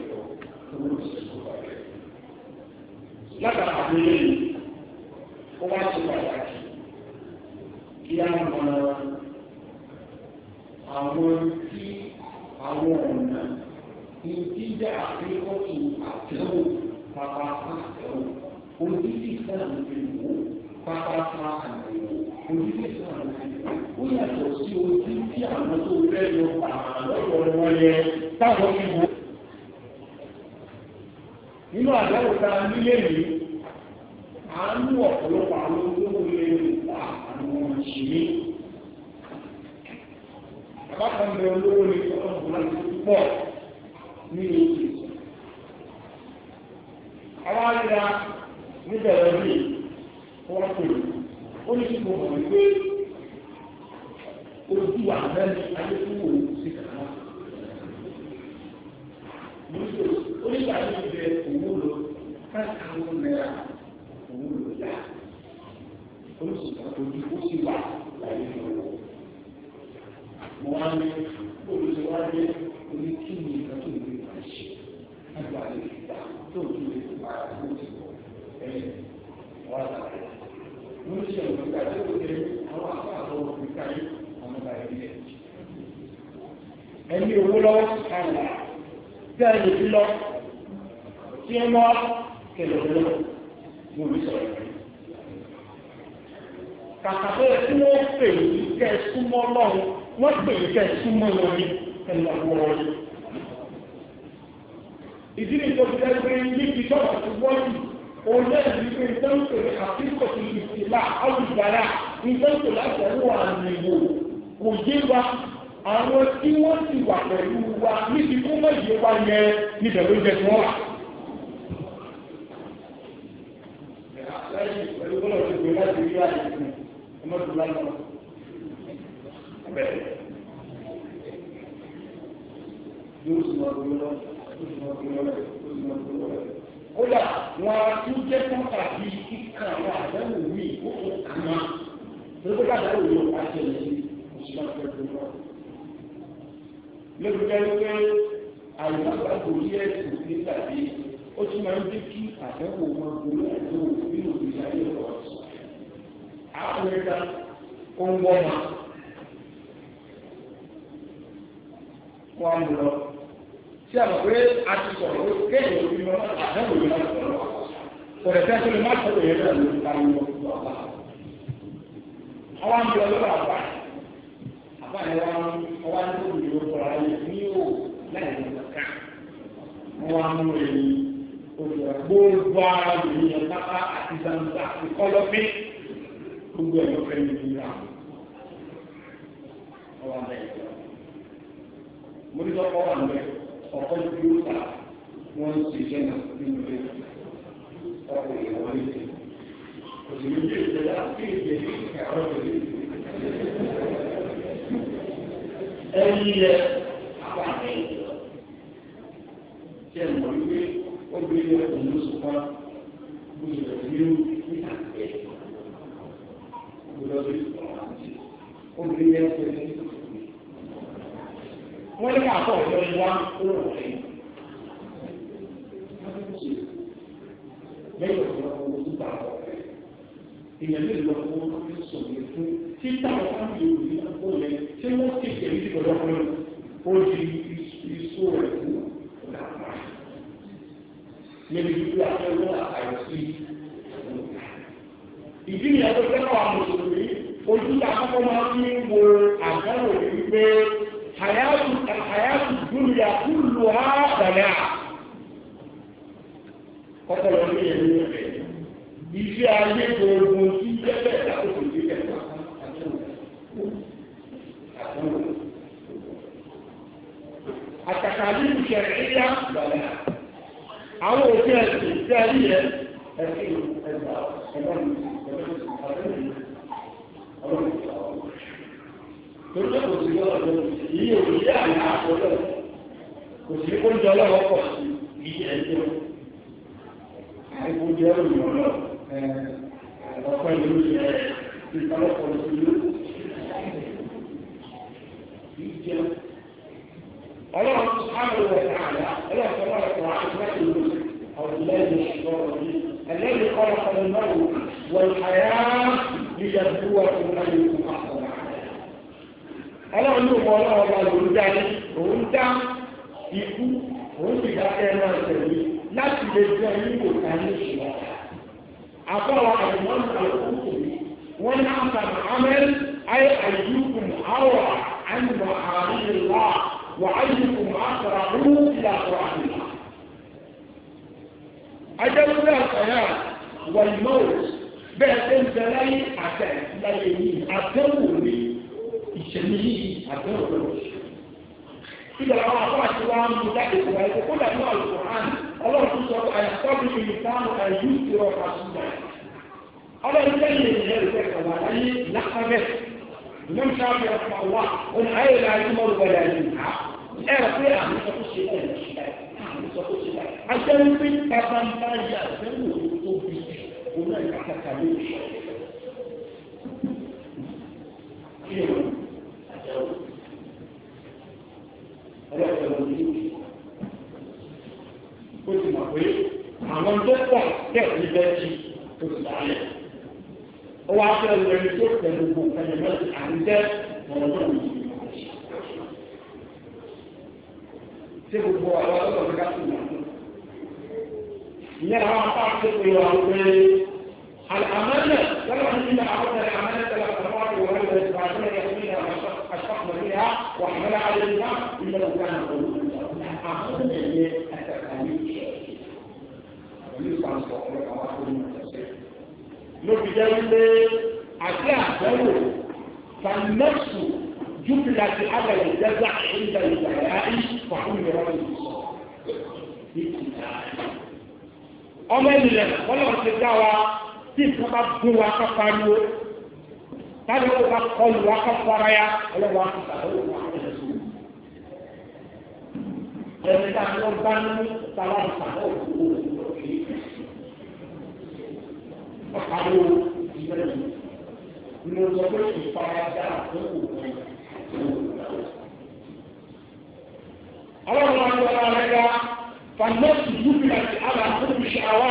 sọ látara àbúrò yìí ó wá pàtàkì kí á mọ àwọn tí àwọn ọ̀nà ìdíjà àfikọ́tù àtẹ̀wò pápá àtẹ̀wò òdìdí ìsìlámù ti wò pápá òdìdí ìsìlámù ti ó yàtọ̀ sí ojú àwọn tó fẹ́ lọ àlọ́yọ̀ wọn yẹ táwọn ti nínú àdáwò ta nílé yìí àánú ọ̀pọ̀lọpọ̀ àwọn olówó ilé ìta àwọn ìṣẹ̀lẹ̀. Àbákan bẹ olówó ni ọlọ́run náà ti pọ̀ ní èyí. Àwọn àríra níbẹ̀rẹ̀ bí wọ́n pè ó ní kí mo mọ̀ wípé ojú àbẹ́ni ayélujáwò sí kàrá. Onígbà tí ó bẹ òwúrò káàkiri náírà gbà ẹni owó lọ́wọ́ kàlà bí a lè fi lọ tí ẹ mọ́ kẹlẹ̀ lọ́wọ́ mo ń sọ̀rọ̀ yìí kàkà pé tí wọ́n pè ní kẹ́ súnmọ́ lọ́run wọ́n pè ní kẹ́ súnmọ́ lọ́run ẹ̀lọ́ wọ́n. ìdí ni tó ti dẹ́gbẹ́ níbi ìjọba ti wọ́ọ̀lù òun náà ní pé ìtọ́nkè àfíkò ti ìsìlá àwùjára ìtọ́nkè láti ẹ̀rọ àmìwò kò yé wa àwọn tí wọ́n ti wà pẹ̀lú wa níbi kó mọ̀ yé wa yẹn níbẹ̀ ló jẹ tí wọ́n wà. àdáwò yóò bá ṣẹlẹ̀ sí òṣìṣẹ́ pẹ̀lú náà. lórí pé àìmọ́gbà kò rí ẹ̀sìn nígbà tí ó tún máa ń dé kí àdáwò wọn gbòòrò àdáwò nínú ìgbésí ayé ọ̀rọ̀ ọ̀sán. àwọn ó ń wọ́n ma. wọ́n mú lọ. tí a mọ̀ pé a ti sọ̀rọ̀ pé kéèyàn ò fi mọ́ àdáwò yóò má sọ̀rọ̀. kò rẹ̀ fẹ́ sọ́lé má sọ̀rọ̀ yẹn náà ọwọ́ ń bí ọlọ́wọ́ àbá àbá yẹn wá ọwọ́ ń tó ìlú kọ̀ọ̀rọ̀ ayé ní o láì ní kàkà wọn á mú èyí olùwà gbogbo ara lòun yẹn pápá àti gbangba àti kọlọ́fín gbogbo ẹ̀yọ́ fẹ́ mi nílá ọwọ́ àbá yẹn mo ní sọ́kọ́ wà lọ́wọ́ ọ̀pọ̀ ìdúró ta wọ́n ń ṣiṣẹ́ náà nínú ilé ọkọ̀ ìyàwó ilé. wọ́n ní káàkó ọ̀dọ́ ìwà kúrò rẹ̀. lẹ́yìn ọ̀dọ́ ọ̀dọ́ tó gbà wọ́n rẹ̀. èèyàn lè lọ fún wọn fi sùn yẹn fún tí táwọn fáwọn yòówù ní ọgbọ́n yẹn tí wọ́n ti tẹ̀lé ti gbọdọ̀ fún un ó di iṣu rẹ̀ fún ọ̀dà pa. Níbi ìlú àtẹ̀wọ́ àìsí. Ìdí ni ẹgbẹ́ fẹ́ràn àwọn mùsùlùmí ojú àkọ́kọ́ máa ń wo àgbẹ̀wò wípé àyàtù àyàtù dúnìyà kúlù á dàgbà. Kọ́kọ́ lọ sí ẹni ẹ̀fẹ̀ iṣẹ́ ayé gbogbo tí bẹ́ẹ̀ lákòókò tí bẹ́ẹ̀ àtàkàlí ìṣẹ̀lẹ̀ ìyá gbàgbà àwọn òfin ẹ̀sìn tí a rí yẹ ẹ̀sìn ẹ̀gbà ẹ̀gbà torí kò sí lọ́wọ́ lọ́wọ́ yìí ò ní àná àkọlọ́ kò sí kó ń jọ lọ́wọ́ pọ̀ sí iye ẹ̀jẹ̀ àìkú jẹ́ òyìnbó lọ́wọ́. ọ̀pọ̀ ìlú yẹ ìpalọ́pọ̀ ìlú ìjẹ. ọlọ́run sáré rẹ̀ káàdá ẹlẹ́sẹ̀ wọn kọ̀ àtúntò ìlú ọ̀dùnlẹ́yìn ìṣòro yìí ẹlẹ́yìn kọ́ ọ̀pọ̀ ìnáwó wọ̀n àyà ìyàdúwà ìnáwó àpọ̀ ọlọ́run ló mọ ọlọ́run ọba lòún dání òun dá ikú òun sì dá ẹran àtẹ̀lé láti lè jẹ́ ìlú kò ká ní ìṣòro. أقوى الإمام القرطبي ونعم العمل أي أيكم أروى عن معاني الله وأيكم أقرب إلى قرآن الله أجل ذا الحياة والموت بأسن سلاي أتى لأيين أتوه لي إشميه أتوه ilẹ̀ àwọn afọ àti wa ń bu dájú ìwà ẹ̀kọ́ kó dàbí àlùkò hàn ọlọ́run sọ àyàtọ́bí ìlú sáàmù àyù ìrọ̀ àṣùgbà ọlọ́run lẹ́yìn ìyẹn rẹ̀ kọ̀wá láyé lákàbẹ̀ ìmọ̀n sáàmù ọ̀pọ̀ wa òun ayé la ayé mọ́ lùwẹ̀ la yìí ha ẹ rẹ̀ pé àmì sọ kó ṣe bẹ́ẹ̀ àmì sọ kó ní àwọn tó pọ̀ tẹ̀ níbẹ̀ tó ti dálẹ̀ ó wá fẹ́ lẹ́ni tó tẹ̀ gbogbo ẹ̀yẹ̀mọ́ ti à ń ọ̀rọ̀ náà ní ìlú ṣé gbogbo àwọn ọlọ́dọ̀ ká النساء وحمل على النساء إلا لو كان قلوبا أعظم من التكاليف lóbi jẹ́ wípé àti àbẹ̀wò fanẹ́sù júpìlà ti abẹ̀lẹ̀ jẹ́gbà ìgbà ìgbà láì fàún ìrọ̀ ìsọ̀. ọmọ ènìyàn wọ́n lọ́ọ́ ti dá wa tí ìfọ́nbá gún wa ká pariwo táwọn èèyàn bá kọ ìwà kọ́kọ́ ara ya ọlọ́wọ́ àkùsà lọ́wọ́ àkùsà sùn. ẹni tá a lọ bá ní sábà sàbọ̀ òkú ọ̀kadà ìbẹ̀rẹ̀ ní ọjọ́ pé ìfaradà tó kù ọlọ́run wa ń lọ ara ya fanọ́ọ̀tì yúpìlà ti ara fún ìṣàwá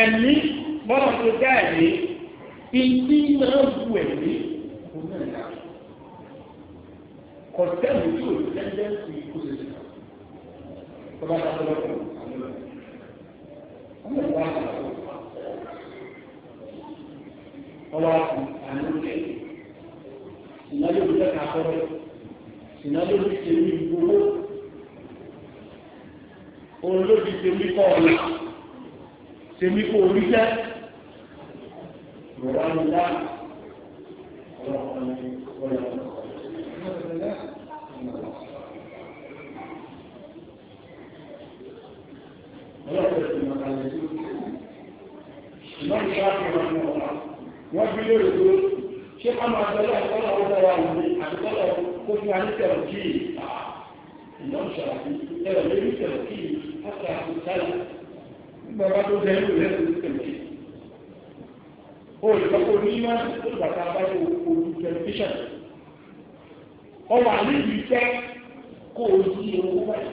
ẹ̀mí bọ́lá tó dá ẹ̀mí ìdí máa bu ẹ̀mí kò náà yá kọ̀tẹ́ẹ̀lì tí o lẹ́lẹ́ sí kó ṣe ṣe tọ́ba ta tọ́ba tó àwọn ọmọ wa kà ó ọwọ́ àti àánú rẹ̀ ìnáwó ló fẹ́ ká kọ́rọ́ ìnáwó ló ṣe ní gbogbo òun ló fi ṣe mí kọ́ ọ̀la ṣe mí kó orí jẹ́. يرام الله Imam Shafi rahimahullah wọ́n fi lórí tó ṣé ká máa tẹ́lẹ̀ ọ̀pọ̀lọ̀ ọ̀dọ̀ wa wù ní àtìkọ́lọ̀ kó fi àní tẹ̀lọ̀ kí i. Imam Shafi tẹ̀lọ̀ lórí tẹ̀lọ̀ kí i láti àkókò sáyà. Nígbà bá tó jẹ́ ìlú lẹ́sìn tẹ̀lọ̀ kí i olùkọ́ onímọ̀ olùgbàtà báyìí olù tẹlifíṣàn ọwọ́ àlẹ́ yìí fẹ́ kó o yí ewu báyìí ọ̀wọ́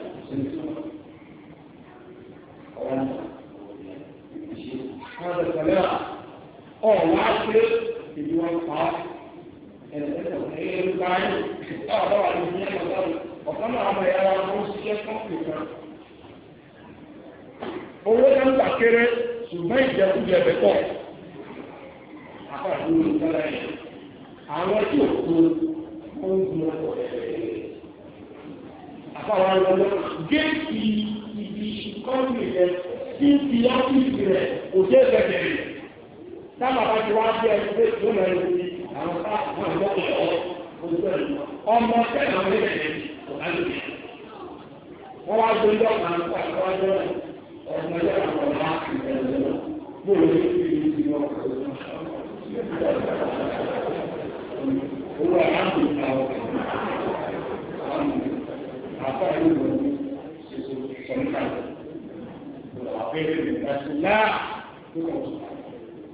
àṣẹ ìlú wọn pa ẹ̀ẹ́dẹ́gbẹ̀rún báyìí ọ̀dọ́ wà ní ìyẹn lọ́wọ́ ọ̀kan náà ọmọ ẹ̀yà wọn ló ń ṣiṣẹ́ fún ìkan owó náà ń gbà kéré ṣùgbọ́n ìjẹkújẹ bẹ̀ pọ̀ pàdé ìjọba yẹn àwọn tí òkú ó ń gbin ọkọ̀ àtàwọn ọmọ géètì ibi kọ́ńtì rẹ tí ń fi ọ́fíìsì rẹ kò dé ẹgbẹ̀rẹ̀ rẹ sábà bá ti wá sí ẹni pé tó mẹ́rin ní àwọn sáà àwọn ọmọ ọmọ tẹ́lẹ̀ àwọn ẹgbẹ̀rẹ̀ kò lájú rẹ wọ́n wá gbé ọjọ́ kan kó àtàwọn ọmọ ọmọ ẹgbẹ̀rẹ̀ àwọn ọmọ ẹgbẹ̀rẹ̀ bóòlù ní ìlú owó àmì ìta ọkọ̀ àmì àpá ìlú ṣètò ìṣọ̀nìkà àpẹẹrẹ rẹ̀ láti láà tó kọ̀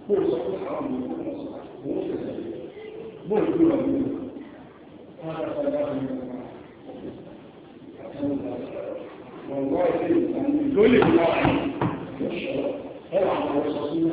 kó o sọ fún àwọn ọmọ ìlú òun ṣẹ̀ṣẹ̀ bóun ló wà nínú wọn á sọ láti ní ọmọ wọn wọ́n ṣe ìlú lólè ní ọ̀hún ẹ̀wọ̀n àwọn ọ̀ṣọ́ sínú.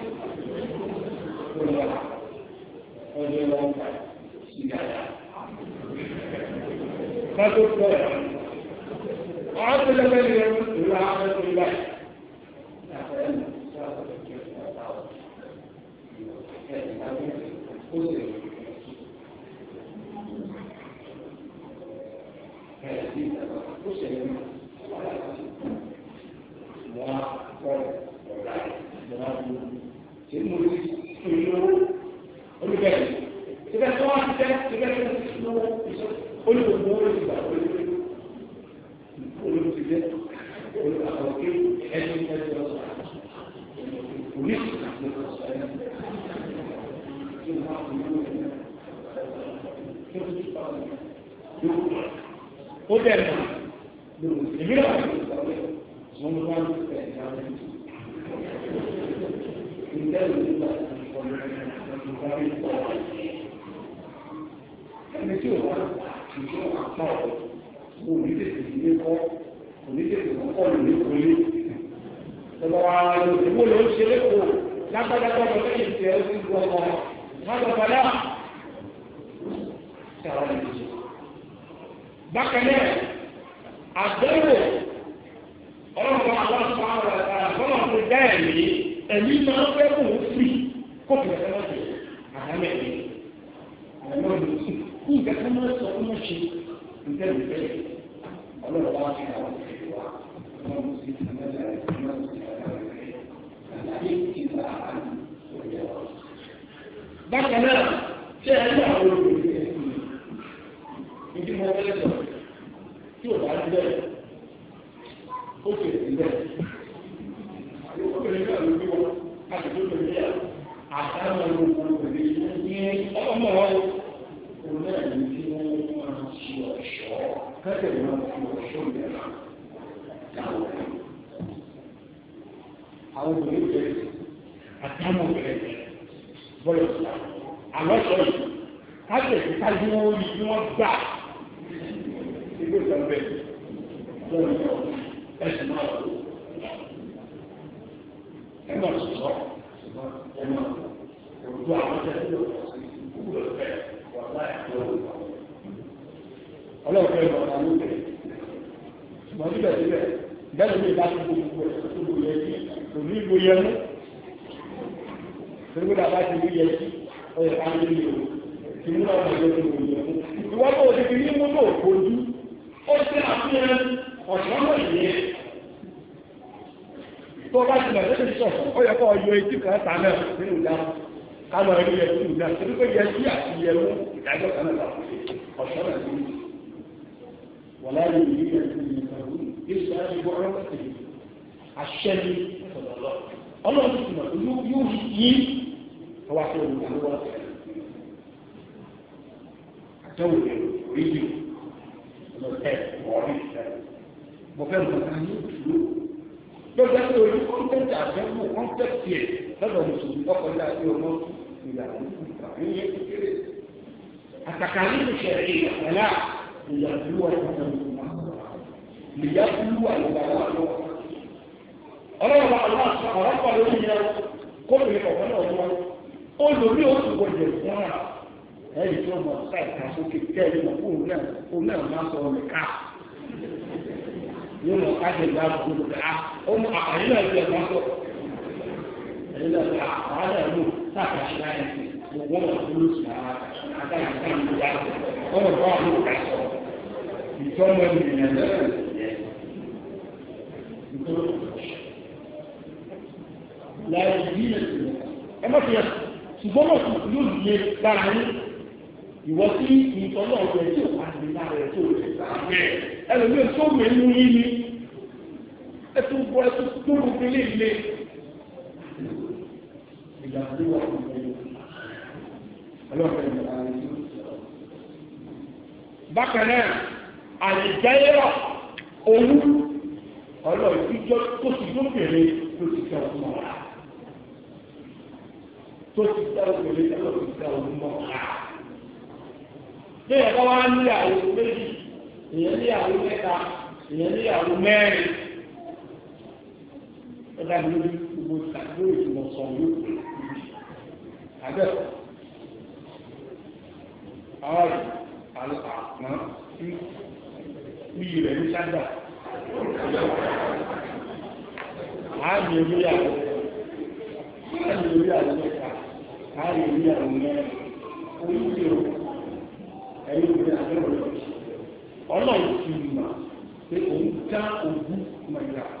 tó tẹ̀. Àwọn tó lẹ́gbẹ̀ẹ́ ni wọ́n ti rà á mẹ́tò láì. lẹ̀ mọ́tò ẹ̀yìn lẹ̀ ká sọ ṣùgbọ́n náà yóò yẹ lára yín ìwọ sí ìtọ́lọ́ọ̀dẹ tí ò bá ti lára tó rẹ̀ ẹlòmíràn tó mẹ́nu yín ni ẹtù ń bọ ẹtù tó ń fi lè le ìgbà tó wà fún mi ọlọ́pàá ìgbà tó wà bákan náà àlìjáyérà owó ọlọ́ọ̀ ìjọ tó sì lókèrè tó ti tẹ ọdún ọ̀la tó ti tẹ òkèrè tó ti tẹ ọdún ọ̀la bẹ́ẹ̀ bá wá níyàwó méjì ìyẹn níyàwó mẹ́ta ìyẹn níyàwó mẹ́rin ẹ bá lórí gbogbo ìtàgbé ìtumọ̀ sọ yóò pè àbẹ̀ àwọn àlùkàpọ̀n rẹ̀ ní sáńdà àmì orí àwọn àmì orí àwọn mẹ́ta àmì orí àwọn mẹ́ta oríṣi o ẹ̀yìn orí àwọn ọlọ́run ti mọ̀ pé òun dá ogún mọ̀ ìyàwó.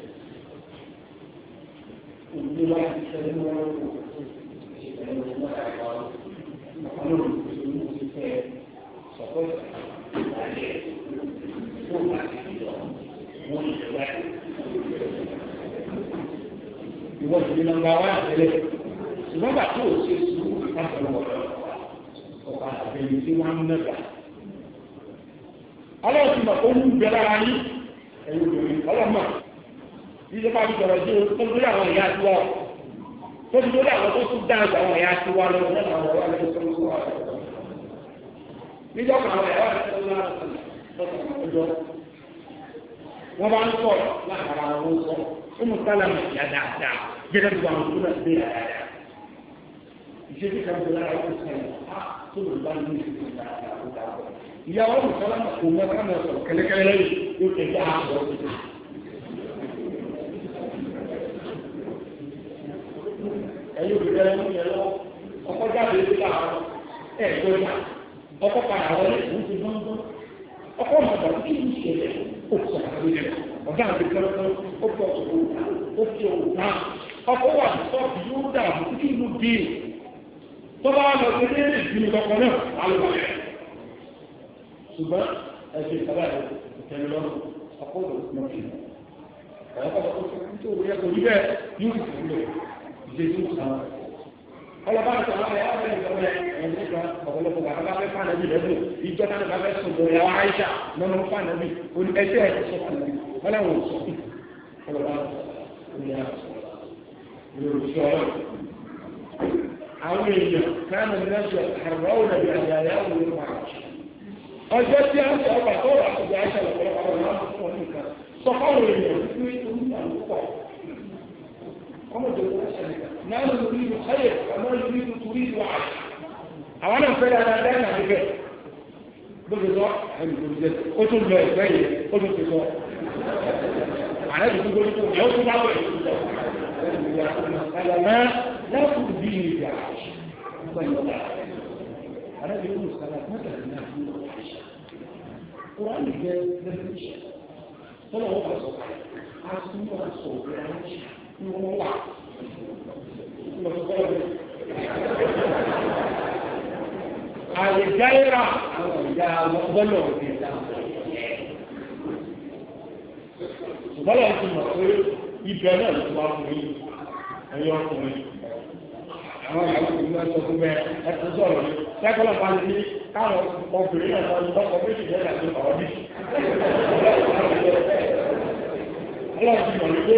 ìdílé láti ṣẹlẹ̀ ní wọn kò ìṣẹ̀lẹ̀ ní tó bá ṣe sùúrù ìfàkùn wọn ọ̀pá àbẹ̀yìn tí wọ́n ń mẹ́ta ọlọ́run ti mọ̀ kó ń bẹ lára yín ẹ̀yin obìnrin ọlọ́mọ yíyẹ ká fi sọ̀rọ̀ sí o tó lórí àwọn ìyá tí wọ́n tó ti àwọn tó tún dáhùn àwọn ìyá tí wọ́n lọ́wọ́ lẹ́nu àwọn ọ̀rọ̀ lẹ́nu sọ́wọ́ sọ́wọ́ níjọ́ kan àwọn ìyá rẹ̀ sọ́wọ́ lọ́wọ́ ọjọ́ wọ́n bá ń sọ̀rọ̀ láàárọ̀ àwọn ọ̀sọ̀ ọmọ sálámù ìyá dáadáa jẹ́rẹ́ bí wọn kú náà gbé dáadáa ìṣèjì kan tó lára ó sẹ́yìn á ah, tó lè bá ní ìṣèjì dáadáa ó dáa ìyàwó ọmọ sálámù kò mọ ẹ̀yin òbíkẹ́ ẹ̀mú yẹn lọ ọkọ jáde ló bá wọn ẹ̀ gbọ́dọ̀ ọkọ padà wọlé òun ti gbọ́ngbọ́n ọkọ màgbà kí ni ìṣẹ̀lẹ̀ ó sọ àwọn ilẹ̀ ọ̀gá àti kẹ́lẹ́kẹ́ ó bọ̀ ó fi òun náà ọkọ wà sọ́ọ̀bù yóò dààmú kí inú bí tọ́ba lọ sí ilé ìdílé lọ́kọ náà alùpàdé ṣùgbọ́n ẹ̀sìn ìtàlá ìtẹ̀lélọ́rùn ọkọ̀ òdò mọ̀kì jésù kan ọlọ́pàá àti àwọn ẹyà bẹ́ẹ̀ lọrẹ ẹni kan ọ̀pọ̀lọpọ̀ bàbá fẹẹ fà nàbì lẹbù ìjọ náà bàbá fẹẹ sọdọ ẹyà wà áyíṣà nínú fà nàbì oní ẹsẹ ẹsẹ sọ fà wọn làwọn sọ ọlọ́pàá ìyá yorùbá àwọn èèyàn kánú nẹsẹ àrùbáwò nàbì àyàyà òun ló máa jù ọjọ́ tí a ń sọ ọgbà tó wà àkùdé náà ló rí ìlú káyè àmọ́ ló rí ìlú torí ìlú àyè àwọn náà fẹ́ dáadáa dáná níbẹ̀ lóde sọ ẹni lóde jẹ ó tún lọ ẹgbẹ́ yìí ó tún ti sọ àná ti dúró tó yẹ ó tún bá wẹ̀ ẹlẹ́mẹ́ lẹ́kùn bí ìyá gbẹ̀yọ̀dá àná ti dúró sọ mẹ́ta ní àdúgbò kúránì jẹ lẹ́kùn tọ́lọ̀ wọ́n bá sọ àtúnwá sọ̀rọ̀ ẹ̀rọ ìwúwà àlìjáìrà bọ́lọ̀ bọ́lọ̀ ti mọ̀ pé ibẹ̀ náà ló wá fún yín ẹ̀yọ́ ọkùnrin àwọn ìyàwó tó ń fún bẹ́ẹ̀ ẹ̀sùn sọ̀rọ̀ yìí kẹ́kọ̀ọ́ bá ní káwọn ọkùnrin náà sọ lọ́kọ̀ méjì jẹ́ ìdájọ́ ọ̀ọ́dí. ọlọ́run ti mọ̀ pé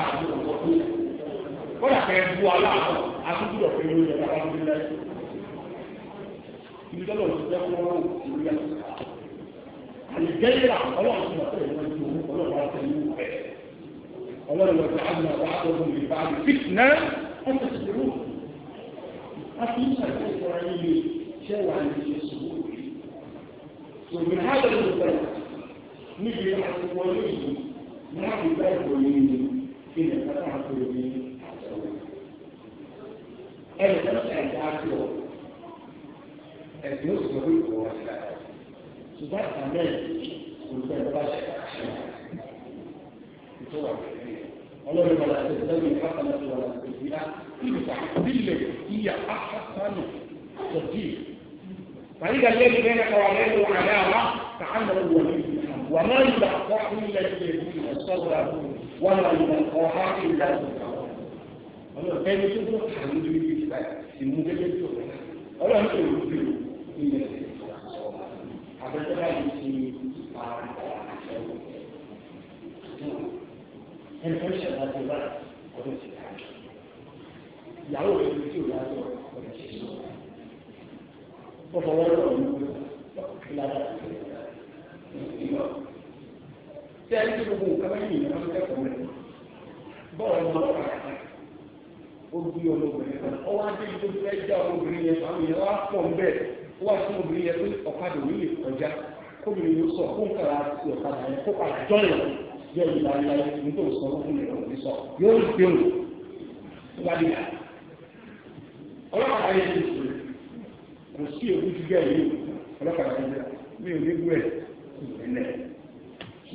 àti ọ̀pọ̀ bu aláàbọ̀ àtúntò fẹ́ lórí ẹ̀ka bá ti lẹ́ ibi tọ́lọ̀ ti jẹ́ fún ọlọ́run ti rí àlùjẹ́yìnà ọlọ́run ti wà ìlú ọlọ́run wà ọlọ́run wà wà kí ni ẹ̀ka tó ń tó ní àtẹ̀wò. ẹnì kan ṣe ẹ̀ka tó ọ̀ ẹ̀sìn ó sì lọ bí ìwọ ọ̀sẹ̀ láti ṣùgbọ́n ìtàn mẹ́rin kò fẹ́ bá ṣe àṣẹ ìtọ́wà ọlọ́run bá ṣe lẹ́yìn ìfásánà tó wà láti fi á ìgbà ìbílẹ̀ ìyá àfásánà tọ̀jú. فإذا الذي بينك وبينه عداوة تعامل الولي وما يدعى إلا الذين صبروا wọ́n lọ ìgbà kan wá sí ìgbà tó kà wọ́n. ọlọ́run ẹni tó tó kà ní ibi tí bá ti mú gẹ́gẹ́ tó kà ọlọ́run tó lù bí ilẹ̀ abẹ́tẹ́ báyìí ti ara ẹ̀wọ̀n. ẹni tó ń ṣẹ̀dá tó bá ọdún ti kà ìyàwó rẹ̀ ti tí ò yá lọ ọdún ti sọ. ó fọwọ́ lọ́wọ́ ní ìlànà e ẹ ní gbogbo nǹkan na nìyẹn ló kẹ́kọ̀ọ́ rẹ̀ bọ́ọ̀lù máa kan ọ já yẹn fún wá pọ̀ wá fún obìnrin yẹn pé ọ̀kadà òun kọjá sọ fún kàrà sí ọ̀kadà yẹn kó yóò yí láyé láyé sọ fún mi mi sọ yóò ọlọ́kadà yẹn ti sùn kò sí yìí ọlọ́kadà yẹn mi ò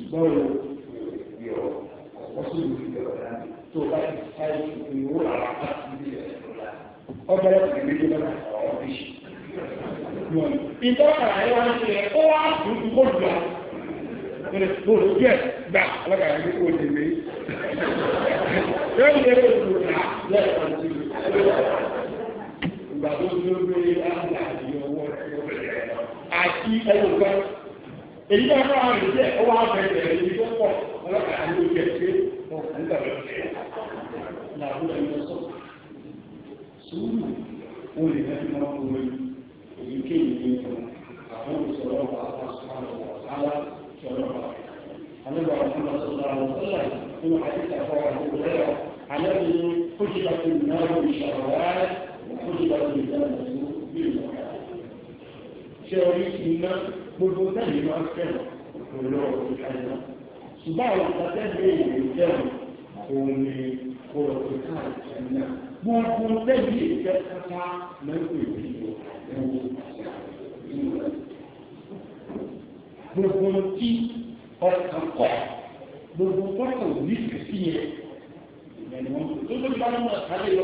ṣùgbọ́n o ìgbé ọ̀pọ̀ sí ìlú ìgbé tó bá ti fa ìṣòro ìwó àwọn àti ilé ẹ̀dọ́là ọbẹ̀ ẹ̀kọ́ méjì lọ́nà àwọn fíṣì. ìtọ́ka ayé wa ṣe ẹ̀ ó wá dùn kó dùn à lórí bóòlù díẹ̀ gbà ọlọ́kà yẹn ní òde mi. yóò yẹ kó dùn à lẹ́yìn ọ̀dọ́ ti ìgbà tó dúró lórí àgbà àti ọwọ́ àti ẹ̀rọ èyí náà náà rè jẹ́ ọwọ́ abẹ́rẹ́ rẹ̀ ní tó pọ̀ ọlọ́kàtà ní ojú ẹ̀ pé wọn kò ń dàbẹ̀ rẹ̀ làwọn ọ̀rẹ́ yẹn sọ. sùúrù wọn lè fẹ́ máa ń wọ èyí kéyìí ní ìtàn àwọn ìṣòro ọ̀pá àwọn ìṣòro ọ̀pá àlejò àwọn ọmọ sọ̀rọ̀ àwọn sọ̀rọ̀ nínú àdìsá fọwọ́ àdìsá rẹ̀ àlejò kójú láti nínú àwọn ìṣòro rẹ̀ kójú láti nínú àwọn ìṣòro jẹ́ orí iná gbogbo tẹ́lẹ̀ máa ń fẹ́ràn lọ òkúta iná. ṣùgbọ́n àwọn ìpàtẹ́ bẹ́ẹ̀ lè jẹun òun ni kò lọ òkúta iná. gbogbo tẹ́lẹ̀ ìjẹ́ pátá lẹ́kọ̀ọ́ ìdìbò ẹ̀wọ̀ gbogbo tí ọkàn kọ̀ gbogbo tọ́kọ̀ nífẹ̀ẹ́ sí yẹn. ìgbà ni wọ́n tó tó bá ń mọ̀ kálẹ̀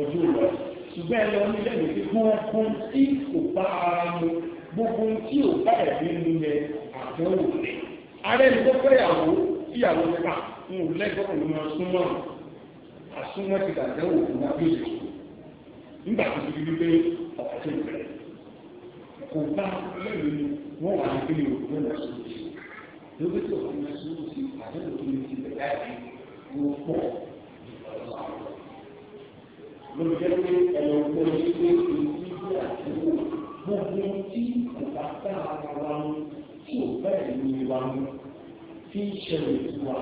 ọdún lọ ṣùgbọ́n ẹlọ nílẹ̀ ló fi kún ọkùn tí kò bá ara mu gbogbo tí ò bá ẹ̀mí mu yẹ àdánwò rẹ̀. ara ẹni tó fẹ́ yàwó tí yàwó ká ń wò ló máa súnmọ́ àsúnmọ́ ti dàdánwò fún abéjì nígbà tó ti di pé ọ̀pọ̀ tó bẹ̀rẹ̀ kò bá lẹ́nu ni wọ́n wà ní kíni òkú náà sọ̀rọ̀ sí i lókè tó wà ní sí i àdánwò tó ti bẹ̀rẹ̀ láì lórí jẹ́ pé ẹ̀rọ ìdí àdúgbò gbogbo tí ìgbà tá a ra wa mú tí ò bẹ́ẹ̀ ní wa mú tí ń ṣẹlẹ̀ sí wa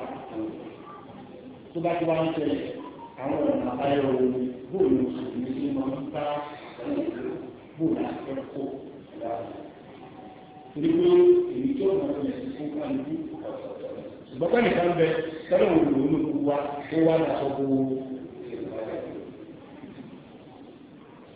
tó bá ti wá ń ṣẹlẹ̀ àwọn ọ̀nà àbáyọ bóòlù òṣèlú ní ma ń bá bóòlù akẹ́kọ̀ọ́ ìyá torí pé èyí tó ọ̀nà ìyẹn ti fún wa ní ṣùgbọ́n pẹ́ẹ́nì bẹ tẹ́lẹ̀ òwúrò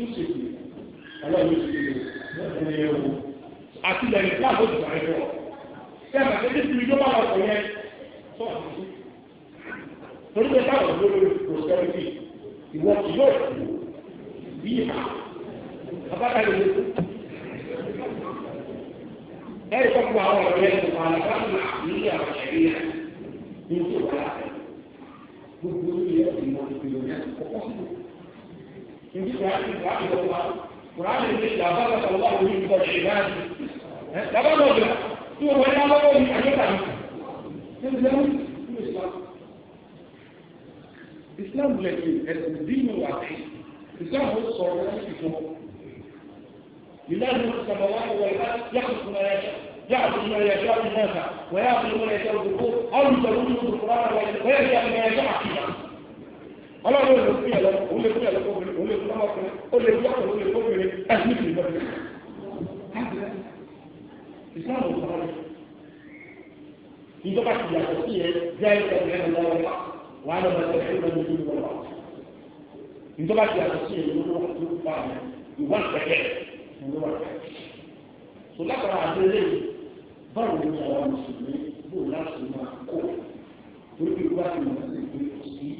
yóò ṣe kù ọlọ́run yóò ṣe kù ní ẹ̀wọ̀ àti lẹ́yìn tí àwọn òṣùwà ẹ̀fọ́ ṣé àgbà tẹ́lẹ̀ tí ìjọba wà sọ yẹn sọ àtúntò torí pé táwọn olórí prosperity ìwọ kì yóò kù bí ìhà abáta lè lóko ẹ̀rí kọ́kọ́ àwọn ọ̀rọ̀ yẹn kò máa bá ní àwọn ẹ̀rí yẹn ní ìṣòro láti gbogbo ìyẹn ìmọ̀ ìpìlẹ̀ yẹn kọ́kọ́ sí i. يجيب واحد واحد والله قرآن يقول لا بارك الله منك العباد لا بارك الله يقول ولا بارك من حاجتها تلزم الإسلام الإسلام لكن الدين الواقعي الإسلام هو الصورة في الجمهور لله السماوات والأرض يخلق ما يشاء يعبد ما يشاء الناس ويعبد ما يشاء الذكور أو يسلمه القرآن ويرجع ما يشاء فيها ọlọ́run ló fi ẹ̀lọ́ òun lè fún ẹ̀lọ́ kókòrò òun lè fún ọmọkùnrin ó lè fún ọkùnrin òun lè fún obìnrin ẹ̀sìn ìlú lọ́dún. ìsìláàmù ìjọba ti yàtọ̀ sí ẹ jẹ́ ẹgbẹ̀rún ẹ̀rọ lọ́wọ́ wà á lọ́wọ́ ẹgbẹ̀rún ẹ̀rọ lọ́wọ́ lọ́wọ́ ìjọba ti yàtọ̀ sí ẹ lọ́wọ́ lọ́wọ́ ìwà ìpẹ́kẹ́ lọ́wọ́ sọlákàrà àdéhùn báwo ni àwọn mùsùlùmí bò láti máa kó torí pé wọ́n ti mọ̀ sí ìgbé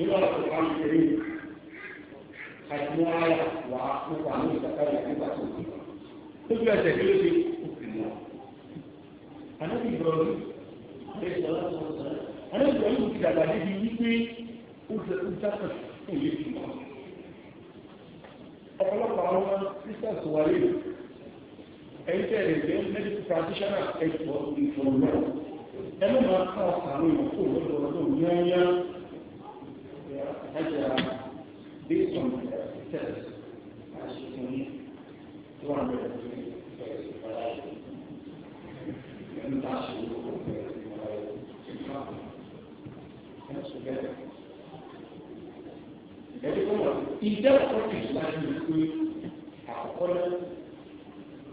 nínú ọ̀sán kan kéré àti mú àyà wà nípa àwọn ìgbàkáyà nígbà tó kù. lójú ẹsẹ̀ kí ló ṣe òkè mọ́. ànábì ìbọ̀rọ̀ ànábì ìbọ̀rọ̀ ti dàgbà débi wípé ó jẹ́ ó jákè fún ìlú ìmọ̀. ọ̀pọ̀lọpọ̀ àwọn sisters wà lè ẹ̀yìn tẹ̀ lè jẹ́ medical practitioner export ìfọ̀rọ̀ ẹ̀ هجر بيتهم السادس مع الشيخوني ورد إذا كنت تسمعني بكل حقول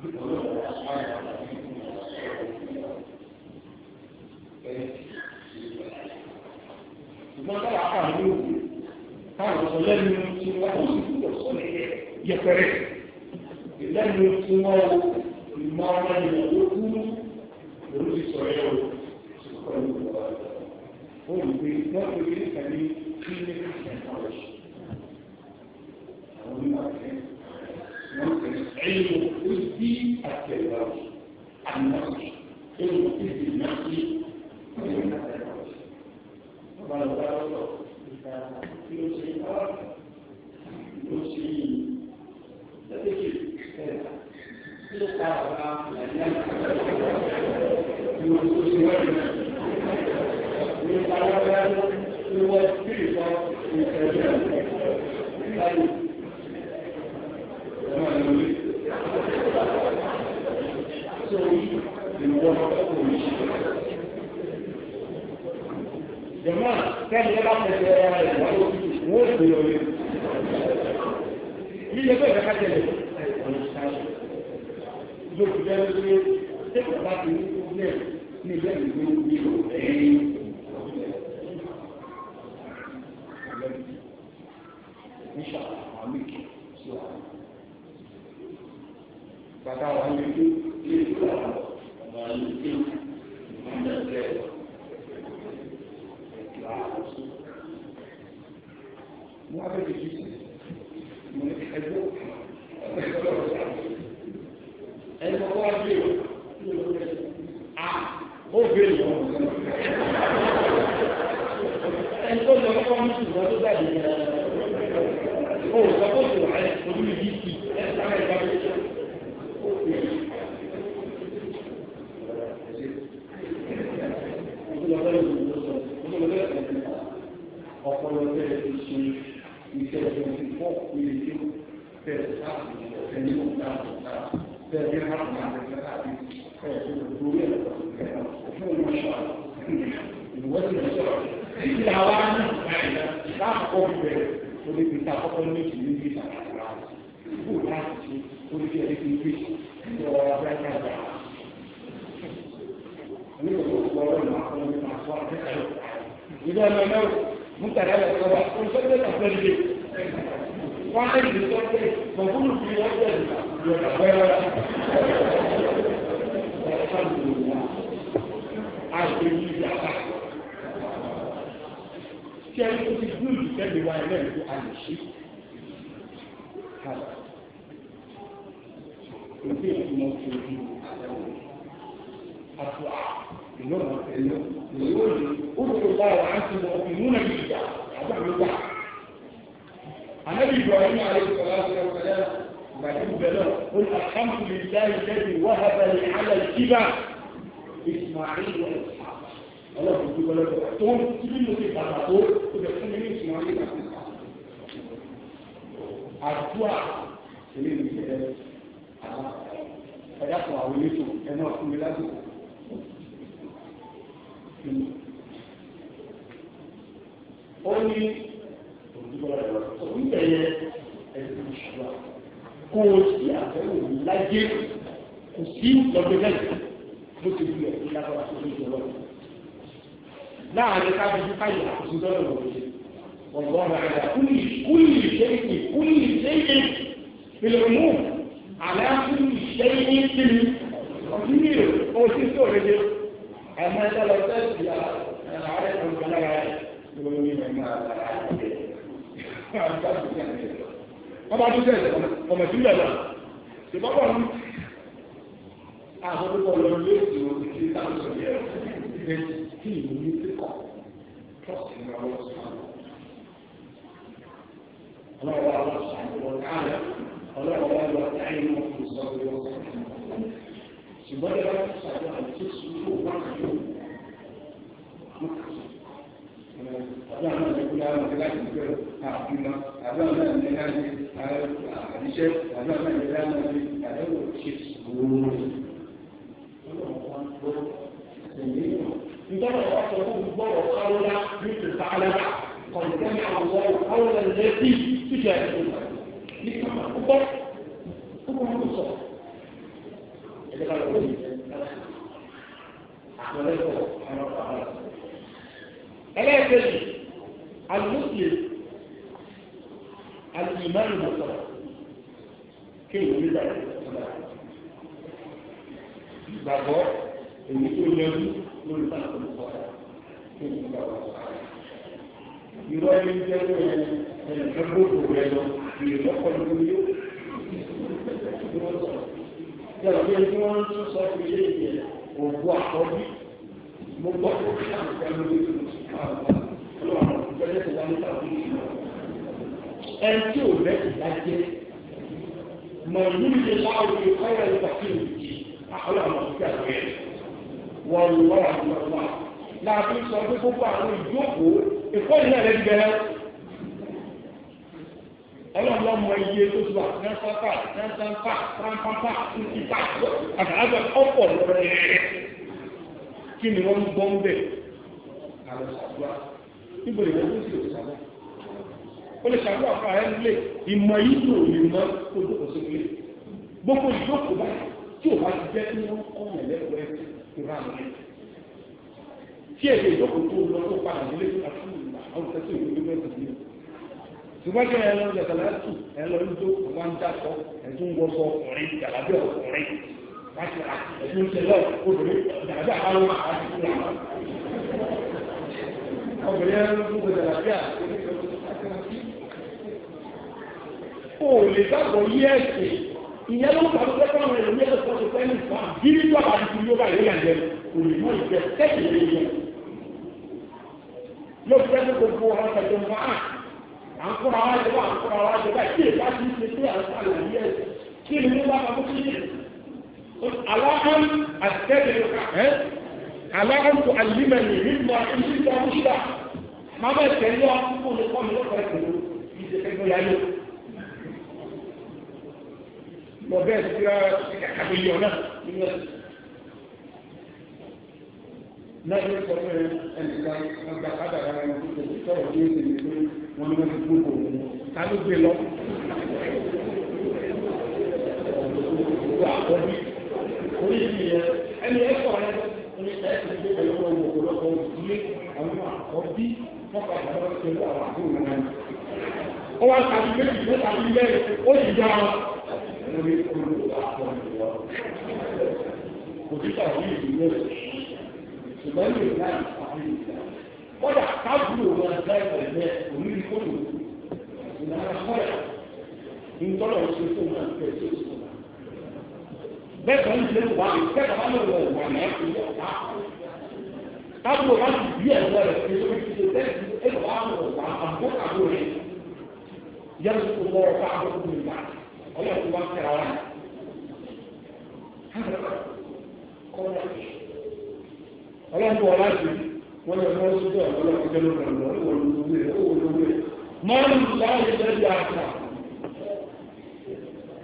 بقول الأسماء ما قال عقاه táwọn lẹ́nu tí wọ́n ó sì fún ọ̀sán yẹpẹrẹ lẹ́nu tí wọ́n ó ìmọ̀ ọmọ ènìyàn ló kú lórí ti sọ̀rọ̀ ẹ̀rọ pẹ̀lú olùgbé wọ́n ti rí ìkàlẹ̀ clinic technology àwọn onímọ̀ àti wọ́n ti ẹ̀yìn ó bí àtẹ̀wà àná ẹ̀yìn ó ti dì náà sí ẹ̀yìn àtẹ̀wà wọ́n bá lọ bá lọ́wọ́. 用心，用心，再进去，对吧？这个开发商能力，用心完成。我们老板是我介绍，对不对？可以，没问题。所以，我们。jẹ̀mọ́ kẹ́ni ẹ bá tẹ̀lé ẹ rẹ̀ wọ́n ó fi òye. Yíyẹ pé ìfẹ́ ká tẹ̀lé ọ̀nà ìṣáájú. Yóò fi bẹ́ẹ̀ lórí ṣé kò bá ti ní ilé ní ilé ìgbé ní ẹ̀yìn. Bàtà wà ní ilé ìgbé ní ìgbé ní ìgbé ní ìgbé. Wọ́n á bẹ̀rẹ̀ yìí mo ní ẹgbẹ́ ẹni kọ́kọ́ wá bí o a ó bèrè wọn ẹni tó lọ kọ́kọ́ mú ṣùgbọ́n tó dàbí o sọ fún ìwà ẹ̀ ojú mi yìí kì ẹ̀ sára ẹ̀ bá mi sọ. Thank you ọpọlọ tẹ́lẹ̀ ti ṣe iṣẹ́ twenty four ilé tí tẹ́lẹ̀ sáàbù ẹni ò dá ò dá tẹ́lẹ̀ bí hàn án àti sáàbù ẹ̀ tó lórí ẹ̀ fún ìwé ṣọ́ ìwé ti ṣọ́ títí àwa náà láàkọ́ bẹ̀rẹ̀ olùgbèsè àkọ́kọ́ méjì ní gbèsè àkàrà ìbò láti ṣe olùgbèsè àti gbèsè ní ọ̀rọ̀ abẹ́rẹ́ àgbà ní òwò ọ̀rọ̀ ìmọ̀ àkọ́lé àkọ́ àti ẹ̀rọ ìdá ẹ̀rọ mutane da su ba kun san da tsarki kwanan da tsarki ba gudu su yi wanda da kwaiwa a ṣe ní ìjàpá tí a yóò ti gbúlù tẹ́lẹ̀ wa ẹlẹ́rìí tó a lè ṣe kàlà òbí ìtumọ̀ tó àtẹ̀wò àtúwà ìlọ́nà ẹ̀yọ ìlú òde ó ti kó báyọ̀ láti lọ ìmúnà yìí dà àgbà mi dà. Ànábì Ibrahim ní alẹ́ ìfọ̀lá ṣe ọ̀sẹ̀ gbàdé bẹ̀rẹ̀ ó ní alhamdulilayi lẹ́bi wàhábà ní alẹ́ ìjìbá Ismail wọ̀ ọlọ́run tó gbọ́dọ̀ tó ń tíbi ló ti bàbà tó ó bẹ̀ ẹ̀dá kan àwọn oníṣòwò ẹ̀ náà fún mi lásìkò. ní oníbẹ̀yẹ ẹ̀sìn ìṣúra kó o sí àbẹ̀wò láyé kò sí lọ́dún lẹ́yìn bó ti wù ẹ̀ ní lágbára tó ní ìjọba láàrin káfíńtì káyọ̀ àkóso dọ́là lọ́wọ́ yẹn والله على كل كل شيء كل شيء في العموم على كل شيء في القدير هو شيء سوري أما إذا لو تأتي أنا عارف الكلام lórí wọ́n bá tún sẹ́yìn ọmọ ìdílé náà ṣùgbọ́n bọ̀ ní àkókò lọ ní èsì òbí tí táwọn sọ yẹ ẹ tí ìlú ní kíkọ trọ́ọ̀sì ní ọwọ́ sọ́ọ̀nù ọlọ́wọ́ àwọn sọ́ọ̀nù káàlẹ̀ ọlọ́wọ́ wọn táyé wọn fún sọ́ọ̀nù wọn ṣùgbọ́n ẹ̀rọ sọ́ọ̀nù àti sùúrù wọn kàdé wọn àbí àwọn ọmọ ìkúlẹ̀ àwọn ọmọdé láti ìgbẹ́ àbímọ àbí àwọn ọmọ ìdílé láti àdíṣẹ́ àbí àwọn ọmọ ìdílé láti àdẹ́wò ṣe sùúrù. Ìjọba ìwà sọ fún gbọ́dọ̀ káwọ́lá ní ìtàlára kọ̀ǹtẹ́nì àwọn káwọ́lá lẹ́sí síjà ìjọba. Ní kàmá púpọ̀ púpọ̀ ń sọ. Ẹ̀jẹ̀ ká lọ sí ìjẹ́ àwọn ẹ̀kọ́ àwọn ọ̀pá àwọn ọ̀pá. ẹlẹ́ẹ̀kejì alùmùsùlùmí alùmùmáàlù mọ̀tọ̀ kéwòn nígbà ìgbàgbọ́ èyí tó yẹnu lórí sáàtọ̀ lọ́wọ́ kéwòn nígbà wà. ìrọ̀ ẹni jẹ́ ẹnìkan gbogbo rẹ̀ lọ ìrìn lọ́kọ̀ lórí yóò yàrá bí ẹni tí wọ́n ń sọ fún ilé ìyẹn òògùn àkọ́bí mo gbọ́ pé kí àwọn ọ̀gá ló lè tún sí káwọn ọlọ́run àwọn ọ̀gá lẹ́sẹ̀ wá nípa òun ìlú. ẹni tí ò lẹ́sẹ̀ bá jẹ́ mọ̀ nínú ilé láwọn olùkọ́ káyọ̀ nípa kí n jì àwọn àwọn ọ̀gá rẹ̀ wọ́n lọ́ àwọn ọ̀gá láti sọ pé gbogbo àwọn ìjókòó ìkọ́ni náà lẹ́bi bẹ́ẹ̀ ọlọ́run lọ mọ iye tó ti wà nẹ́sàpá nẹ́sàpá pàmpápá títí pàṣẹ àtàlágbà ọ̀pọ̀ lọ́rẹ́ rẹ̀ kí ni wọ́n ń bẹ̀ àwọn níbo lè wọ́n tó sì lè ó lè ṣàdúrà fún ààrẹ nílé ìmọ̀ yìí tó lè mọ kó tó kọ̀ sókè gbogbo ìjókòó bá tí ò bá ti jẹ́ kí wọ́n kọ́ ọ̀nà lẹ́kọ̀ọ́ ẹ̀ tó rà mọ́ tí èdè ìjókòó tó lọ tó padà nílé tó kà fún ìgbà àwọn ìtẹ́sí ìwé gbogbo ẹ̀ láti ra ẹ̀sìn ìṣẹ̀lẹ̀ obìnrin ìdàgbà àwọn àti ìṣẹ̀lẹ̀ àwọn. obìnrin ẹni lè gbàgbọ́ yí ẹ̀sìn ìyẹn ló ń bá lọ́pẹ́ fún àwọn ẹlòmíyẹ tó fẹ́ nípa bíbí tó àbá ti yóò bá yóò yàn kò lè mọ ìjẹ tẹ́sí lè yẹ. yóò fẹ́ kó gbogbo ọ̀rọ̀ tẹ̀lé mọ́ à à ń kóra wá jẹ bá ń kóra wá jẹ bá kí èyí bá ti ṣe pé à ń kí ni wọ́n bá bá bó aláhán àtẹ́lẹ̀ aláhán tó alímẹ̀lì nígbà ìṣíta ìṣíta máa bẹ̀ tẹ̀lé àkókò ní kọ́mi lọ́kọ̀ọ́ ìṣèlú ìṣèlú yáyé lọ bẹ́ẹ̀ sí ra àbíyọ̀ náà nínú ẹ̀sìn náà yóò sọ pé ẹnìkan ọgbà kádàrà ẹni tó ti sọ̀rọ̀ ní èdè ní pé wọ́n lọ sí gbogbo òun ká ló gbé lọ. Wọ́n á kọ́ bí orí ti méjì tó tàbí mẹ́rin ó sì já wọn. lórí olú àpọ̀ ìwọ. kò sí tàbí ìdílé rẹ̀ ṣùgbọ́n ní ìlà àbí ìlà. kọ́dà káàbùrò wọn dá ìpẹ̀lẹ́ òní ìkọlù ìlànà kọ́yà ń tọ́lọ̀ ṣe fún wọn bẹ́ẹ̀ kan lè wà bẹ́ẹ̀ kan lè wọ̀ wà ní ẹ̀kú yẹ wà. káàbù wà ní bí ẹ̀ wọ̀ rẹ̀ èso mi ti ṣe ẹ̀ wà wọ̀ wà àbó àbó rẹ̀ yẹn tó wọ̀ ọ̀ fà àbó tó wà ọ̀yọ̀ tó wà kẹrẹ wà. ọlọ́run wọ̀ láti wọ́n yẹ kí wọ́n sọ́jọ́ ọ̀gá ọlọ́run kẹlẹ́ ọ̀gá ọ̀gá ọ̀gá ọ̀gá ọ̀gá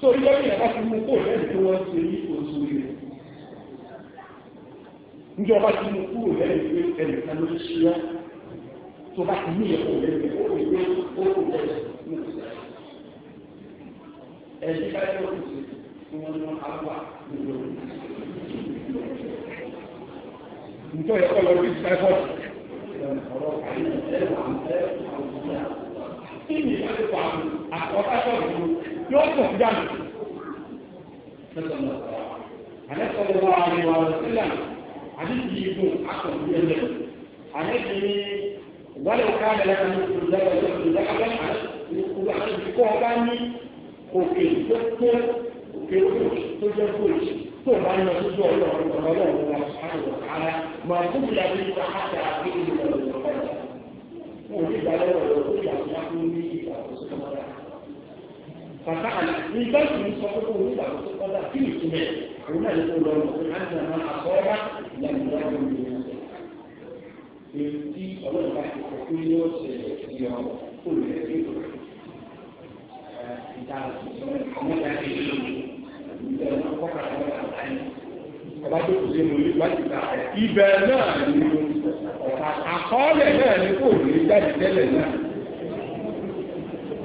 so ìjọ bí ti mú kó lẹ́yìn tí wọ́n ṣe ní oṣù rẹ̀ ìjọba ti mú kúrò lẹ́yìn pé ẹnìkan ló ṣí wá tó bá ti ní ìyàwó lẹ́yìn ó lè gbé ó kò lẹ́yìn ní oṣù rẹ̀ ẹ̀yìn ká yẹ kó kí wọ́n mú àwọn àgbègbè rẹ̀ nítorí ẹ̀kọ́ lọ bí táìpọ́ọ̀tì ọ̀rọ̀ àyè ẹ̀wà ẹ̀wà ọ̀gbìn yóò tọ̀ sí dànù. àlẹ́sọ̀rọ̀ wa ni wà lọ sílẹ̀ àdìsí igun akọ̀wé ẹ̀lẹ́ àlẹ́sì ni ìwádìí ọ̀ká rẹ̀ lẹ́nu olùdarí ọ̀dọ́ olùdarí ọ̀dọ́ àti kọ́ ọba ní òkè tó tó òkè tó jẹ́ kóòtù tó bá ń lọ sójú ọ̀dọ́ ọ̀dọ́ ọ̀dọ́ ọ̀dọ́ máa kú bí abẹ́ yìí wàá ṣe àgbéyìn lọ́wọ́ lọ́wọ́ wọn ò ní ìdálẹ́wọ̀ lọ́wọ́ tó yà wọ́n ní ìgbà tó sọ́kọ́ náà. Kàtà àlà ní báyìí ní sọ pé kó nígbà tó tó kọ́dà kí ni ìtumẹ̀ òun náà ní kó lọ lọ ní àti àmà àkọ́ọ́bá ìlànà ìlànà ìlànà Èyí ọlọ́run bá ti kọ́ pé yóò ṣe ìyọ̀ kó lè rí ìta ọmọdé àti ìlú ìbẹ̀rẹ̀ náà kọ́kà lọ́wọ́ àtàyè. Ọba tó kù sí mo ní wájú ìta ibẹ̀ náà náà ni kò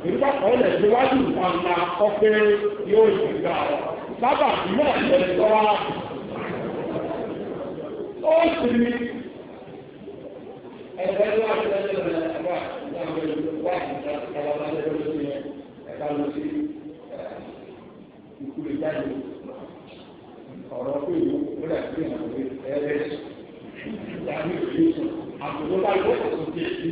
nígbà ọ̀lẹ̀ síwájú ọ̀nà ọ̀pẹ yóò ṣe gbà ọ́ sábà náà lè sọ wá. ó sì ní ẹgbẹ́ tó wà lẹ́yìn rẹ̀ wà láwọn ìwà ìjọba lẹ́yìn rẹ̀ ẹ̀ka lọ sí ikú lè jáde ọ̀rọ̀ pé ìlú ó lè fi hàn pé ẹ̀rẹ́ ìyá mi ò lè sùn àbúrò bá yọ ọ̀sùn tí ì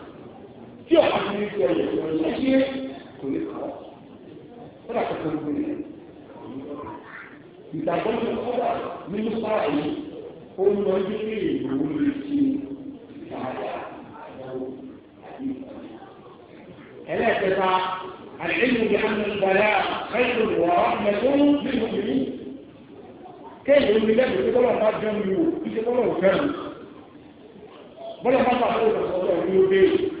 tí ọ̀pá ti ní ìfẹ́ yẹn lọ sí ṣe kò lè kọ́ ó dà kọ́kọ́ lóko rẹ̀ ìgbàgbọ́ ní kọ́dà nínú sáà yìí ó ń lọ sí pé ìgbòho lè ti dáadáa ẹlẹ́ẹ̀kẹta àlẹ́yìn ìyá ń gbàdá ẹ̀sùn wọ̀ ọ́nẹ́tún nínú ìlú kéèyàn ní lẹ́gbẹ̀ẹ́ tí kọ́lọ̀ bá jẹun yìí ó ìṣe kọ́lọ̀ ò fẹ́ràn bọ́lá bá bá fún ìgbàgbọ́ ọ̀gbìn ó béèrè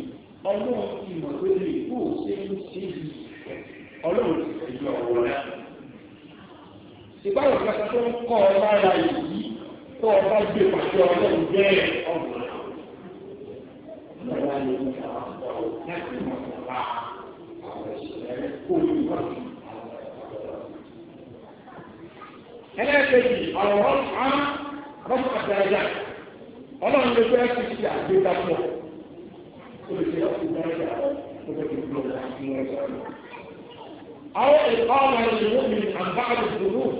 ọlọ́run ti mọ̀ pé lè kó o ṣe ń ṣe yìí ọlọ́run ti fi ìbáwọ̀ kẹta tó ń kọ́ ọ lára yìí tó o bá gbé pàṣẹ ọlọ́run jẹ́ ọ̀gbọ̀n. ọlọ́run á lè mú àwọn láti mọ̀ nípa àwọn ìṣẹ̀lẹ̀ kó o àwọn ọ̀rọ̀ ọlọ́run ló fi ṣe àgbéga أو إقامة للمؤمن عن بعض الذنوب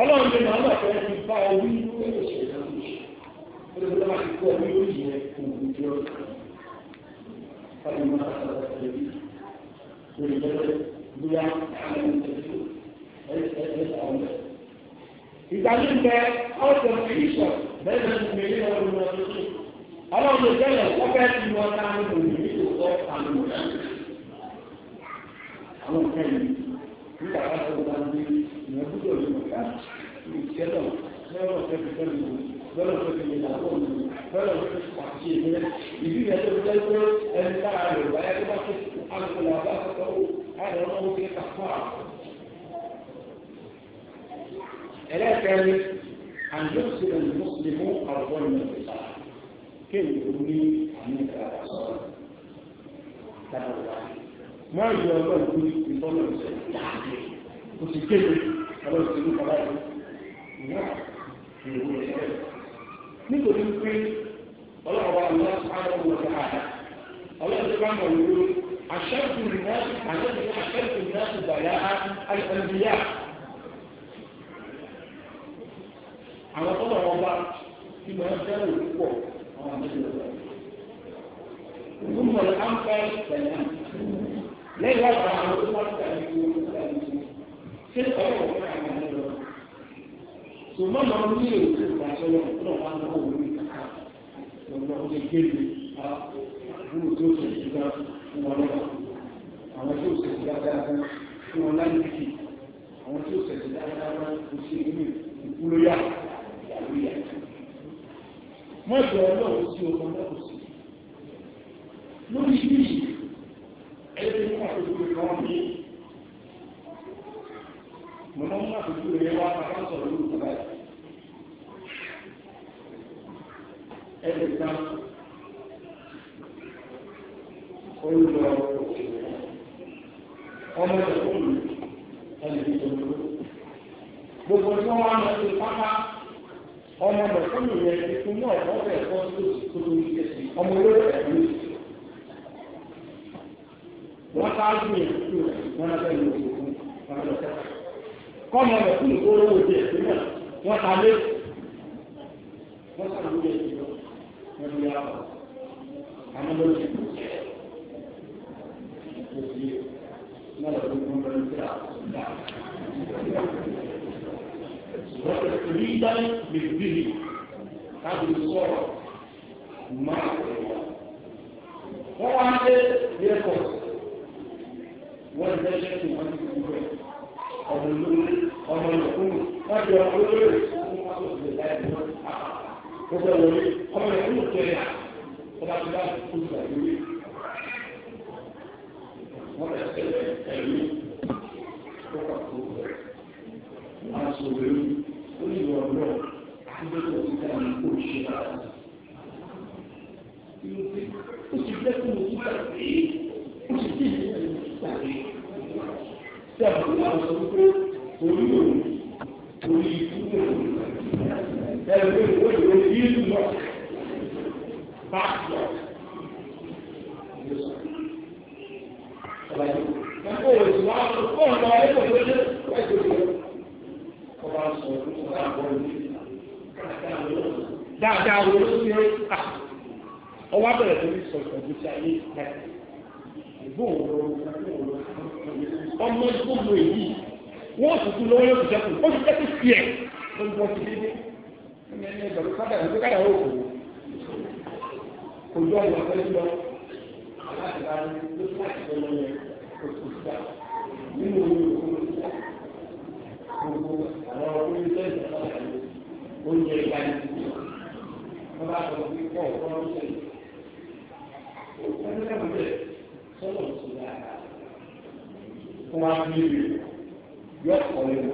ọlọ́run ní màá máa fẹ́ fi bá orí lórí ìṣẹ̀lẹ̀ lórí ìṣẹ̀lẹ̀ lórí ìṣẹ̀lẹ̀ lórí ìṣẹ̀lẹ̀ lórí ìṣẹ̀lẹ̀ lórí ìṣẹ̀lẹ̀ lórí ìṣẹ̀lẹ̀ lórí ìṣẹ̀lẹ̀ ìgbàlú ń bẹ ọ̀sẹ̀ ìṣọ̀ bẹ́ẹ̀ ni ìgbèlè ọ̀rọ̀ ìrọ̀lẹ́ ọlọ́run ló tẹ́lẹ̀ wọ́n fẹ́ ti lọ ta ní òní ní ìlúkọ́ àwọn ọ̀dà àwọn ọ̀dà yìí nígbà bá tó bá ní ìyẹn ní ọ̀dà ní ìṣẹ́lẹ̀ lọ́rọ̀ fẹ́ fi fẹ́ mi lọ́rọ̀ fẹ́ fi lè nà bọ̀ mi lọ́rọ̀ fẹ́ fi pàṣẹ mi ìlú yẹn tó fẹ́ pé ẹni tá a lè wáyé tó bá tó alùpùpù àbá tó ayọ̀ ọlọ́run fi kà fún à. ẹlẹ́kẹ̀ẹ́ni àjọṣe ìmùsùlùmù àwùjọ ìmọ̀ ìsàlẹ̀ kéèyàn ní àwọn ìgbà sọ̀rọ̀ dáadáa wá. Máa yọ ọlọ́run ní ìtọ́nà ìṣẹ̀ dáadé. Kò sì kéde ọlọ́run ti ní kọ́lá yìí. Ìyá ìwé ẹ̀ṣẹ̀. Nítorí pé ọlọ́run wa lọ sáré wọ dáadáa. Ọlọ́run ti bá mọ̀ wípé aṣẹ́kù náà àṣẹ́kù náà aṣẹ́kù náà ti gbà yá àlùfẹ́lẹ́bíyà. Àwọn tọ́lọ̀ wọn bá ti máa ń dẹ́rù púpọ̀. ثم الأنفل فالأنفل لا يقع على الأنفل ثم من àwọn tó ṣe ìgbà dáadáa fún wọn láyé kì inú ìkúlóyà ìyàwó ìyàtọ̀ mọ́jọ ọlọ́run sí ọmọ náà sí lórí yìí ẹni mú àtòkù rẹ̀ wọ́n ní mọ̀ náà mú àtòkù rẹ̀ wá bàbá sọ̀rọ̀ lórí bàbá yìí ẹni ká olùdó ọmọ ìṣòro ẹni ìṣòro gbogbo tí wọ́n wá lọ sí pápá ọmọ mẹ̀fọ́nù yẹn tuntun náà wọ́n fẹ́ kọ́ tó tó ní ẹsẹ̀ ọmọ olóró ẹ̀ ló ti wọ́n ṣáájú yẹn tó wọ́n náà fẹ́ lọ fún wọn lọ sẹ́kọ̀. kọ́ ọmọ mẹ̀fọ́nù tó lówó di ẹ̀sìn náà wọ́n ta lé wọ́n sàn lórí ẹ̀sìn lọ wọ́n ti yára àwọn ọmọ lórí ẹ̀sìn lọ sí náà lọ́dún tó ń bẹ̀rẹ̀ sí àwọn ọ̀dọ́ وتفريدا بالدين هذا الصورة مع هو عنده يقول وانتشرت عن الكويت أو النور أو النور قد يقول هذا هو أما يكون الشريعة طبعا لا تكون تعليمية هذا التعليم فقط هو مع الصغيرين ní ìwọ lọ síbi tó ti dá ní kó ṣe bá a. ó ti jẹ́ kí mo ti gbà pé ó ti dì ní ẹni tó gbà pé. tí a sọ pé orí òun orí ìdúró ẹ̀rọ ìwé ìwé yìí lọ bá a lọ. Ọ̀la yìí, wọ́n kó òṣùwọ̀n kó ń lọ ẹ̀kọ́ tó dé, wọ́n ti dáadáa wo ló ṣe à ọwọ́ abẹ́rẹ́ tó ní sọ ìtọ́jú sí ayé ìpẹ́ ìbò ọmọ gbogbo èyí wọ́n sì tún lọ́wọ́ yóò fi ó ti sẹ́kù sí ẹ̀ ló ń bọ́ sí dédé ẹni ẹni ẹgbẹ̀rún kádà ló kádà ó kò kò jọ ìwà pẹ́lú lọ aláàbí ló tún láti lọ́wọ́ yẹn kò tó sí ta nínú orí òkú ló ti sá gbogbo àwọn ọkùnrin tó ń sọ oúnjẹ ìgbà yìí wọn bá sọ pé pọ̀ ọ̀pọ̀ ló ṣe wọn lọ́wọ́ bẹ́ẹ̀ sọ́dọ̀ sí i lára fún wa bí ibi yọ ọ̀pọ̀ lẹ́nu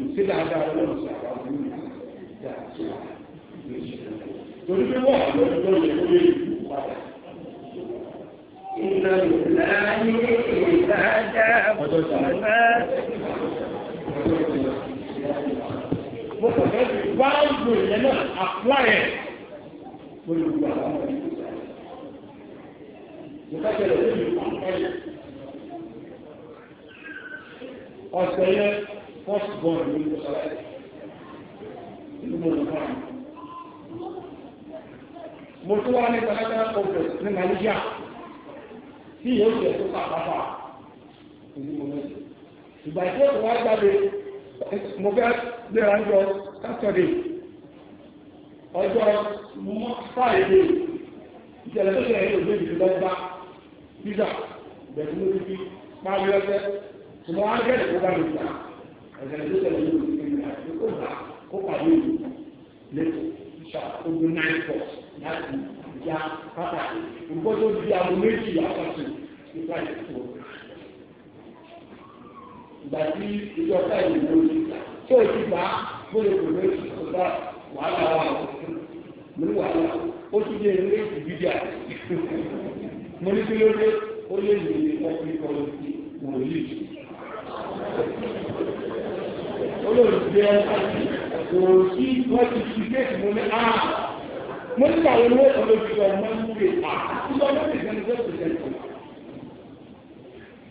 nse dáadáa lọ́wọ́ sí àwọn ọmọ mi dá sí wa torí pé wọ́n àwọn ọ̀dọ́ yẹ kó lè lù padà. Ìlànà ìlànà ìlànà ọjọ́ ìlànà mo kò fẹ́ fi báyìí yẹn náà àpláyé mo lè gba àwọn ọmọ yìí. mo fẹ́ bẹ̀rẹ̀ lórí àpẹẹrẹ. ọ̀sẹ̀ yẹn first born ló ń sọ ẹ́ inú mo lọ fún mi. mo tún wá ní gbàgbà conference ní Nàìjíríà tí yóò jẹ́ tó pàpàpà inú mo lọ sí ìgbà tí ó wá jáde mo fẹ́ gbéra ń lọ sátọ̀dé ọjọ́ fáìdé ìṣẹ̀lẹ̀ tó ṣẹlẹ̀ yóò gbébi lọ bá pizza bẹ̀rù ló fi parí ọ̀sẹ̀ ṣùgbọ́n wọ́n á gẹ̀rẹ̀ kó bá mi gbà ẹ̀sẹ̀lẹ̀ tó ṣẹlẹ̀ yóò gbébi lọ sí kó bá kó pàdé ìlú lẹ́tọ̀ ṣàkóso náà pọ̀ láti ya pátá ìgbọ́dọ̀ di àwọn méjì àpàtì nípa ìṣòro ìgbà tí ìjọ táyì ló ti tí o ti gbà bó lè gbòòrò èsì tó bá wàhálà wà ó mo wàhálà ó tún dé ilé ìdìbí dà mo ní kí ló dé ó lè lè ọkùnrin kan lọ sí wòlíì olóòtú ẹ kò sí wọ́n ti fi kéèkì mo ní á ah! mo ní kàwé ah! ní olóòtú ọmọ ní ìwé à tí wọ́n lọ́ọ́ lè gbẹ́ni tó ti sẹ́yìn.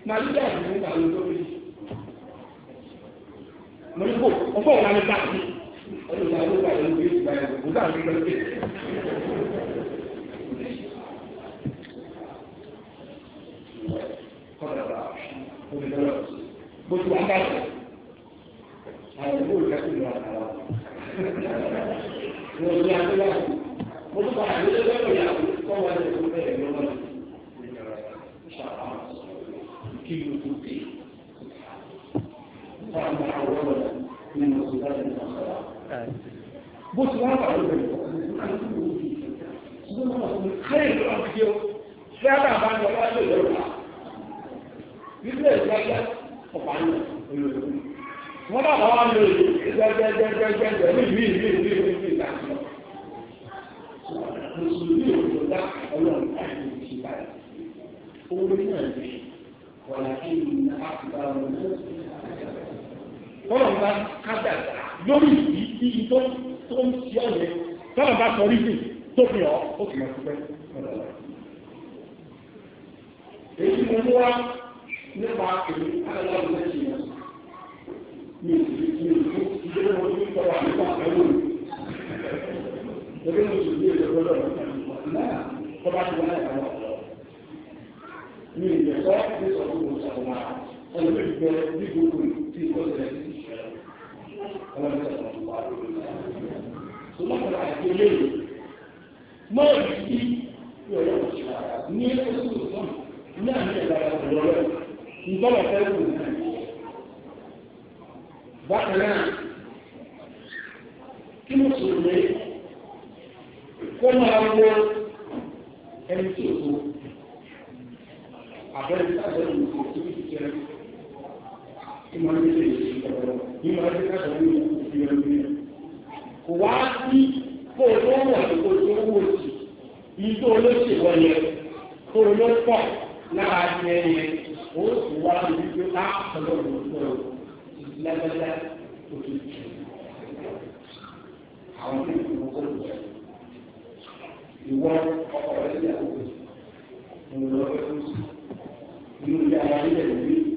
màlúù dàbí ní kàwé tó ti mo kò mo fọwọ́ náà ní ọdún ìyá ló gbà lórí bí ìgbà yẹn kò sáà ní lọ́sẹ̀. bó ti wà ń bá tẹ̀ àwọn ìlú ìkẹ́kọ̀ọ́ ìlú àtàrà mo ní àgbéyà mo tún padà ní lọ́wọ́ ìyá kọ́ wọn ní ìlú bẹ́ẹ̀ kí ló tó dé. كان محولا من الصلاه الى الصلاه بص ما بعرف خير أكثر سبع بعد ولا يرجع يبدأ يرجع طبعا wọ́n bá wà lórí jẹ́jẹ́jẹ́jẹ́jẹ́ ní bí bí bí bí bí láti lọ. mùsùlùmí ò lọ dá ọlọ́run láti lè ṣe báyìí. owó náà ní wàlá kí n ní àkùbá tọ́lọ̀ bá kádà lórí ìdí tó ń ṣe ọ̀yẹ́ tọ́lọ̀ bá sọ rí sí tó fi hàn ó sì máa dúpẹ́. èyí mo mú wá nípa èmi aláwọ̀ méjì yẹn mi ò sì fi ìdí ìdí mo ní tọrọ àmúkọ àbẹ̀wò mi. ẹgbẹ́ mi sì ní èdè gbọ́dọ̀ náà tó bá ti wọ́n náà kàn wọ́n. mi ò lè sọ ní sọ̀rọ̀ mo sọ̀rọ̀ máa ẹlòmíràn gbẹ ní gbogbo tí ó ṣẹlẹ̀ sí ṣùgbọ́n àti eléyìí máa ń fi ìrọ̀lẹ́ òṣìṣẹ́ ní oṣù tó ní àmì ìlànà ìrọ̀lẹ́ ìgbọ́nà fẹ́ wù ní bákan náà kí ló sọ lé kó máa wọ ẹni tí tó àbẹ̀rẹ̀ tí a bẹ̀rẹ̀ ìgbésí ìgbésí ìgbésí tí ìwọ ọkọ̀ rẹ̀ ní àkókò ìrìnlọ́wọ́ tó ti inú ilé ara ilé ìwé.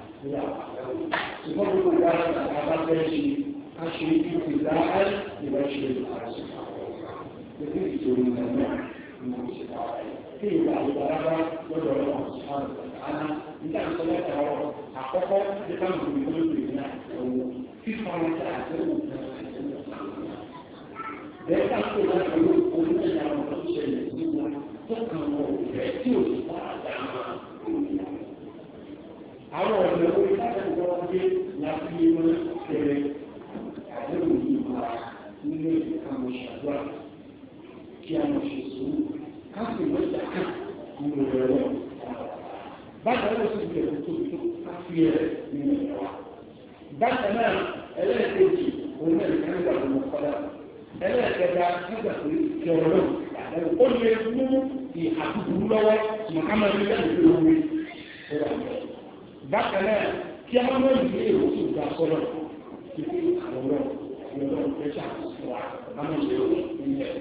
ṣùgbọ́n gbogbo ìyá àbábẹ́ ṣe a ṣe ibi ti láàá ìwà ṣe àṣà ìdí ìṣòro ìlànà ìmọ̀ ìṣẹ̀lá kí ìgbà ìgbàlábá lọ́dọ̀ ọ̀rọ̀ àwọn àná nígbà tó lẹ́ta ọ̀rọ̀ àkọ́kọ́ nípa ìgbìmọ̀ ìgbìmọ̀ ìgbìmọ̀ ìgbìmọ̀ fífọ́n ọ̀tá àtẹ̀wò bẹ́ẹ̀ bá tó bá tó ló kó ní ìyá ọ̀rọ̀ tó ṣẹlẹ̀ nígbà tó kàn wọ̀ ọ̀fẹ́ tí ò àwọn ọ̀nà orí sáfẹ́ǹtì wọn gbé láti lé wọn tẹ̀lé àdéhùn yìí wá nílé àwọn ṣàdúrà kí a mọ̀ ṣe sùúrù ká sì mọ̀ ìdáká nínú rẹ̀ lọ. bákan náà sì bẹ̀rẹ̀ tó tó ká fi ẹ̀ nínú rẹ̀ wá. bákan náà ẹlẹ́ẹ̀kejì òun náà nìkan nígbà tó mọ̀ kọ́dà ẹlẹ́ẹ̀kẹta nígbà tó kẹrọ náà ó lè mú ìhàkùkù lọ́wọ́ màkàmá bákan náà kí a máa yí èrò tó ga sọ́nà títí àwọn náà ní ọlọ́run fẹ́ ṣàkóso wa a máa yí èrò nílẹ̀.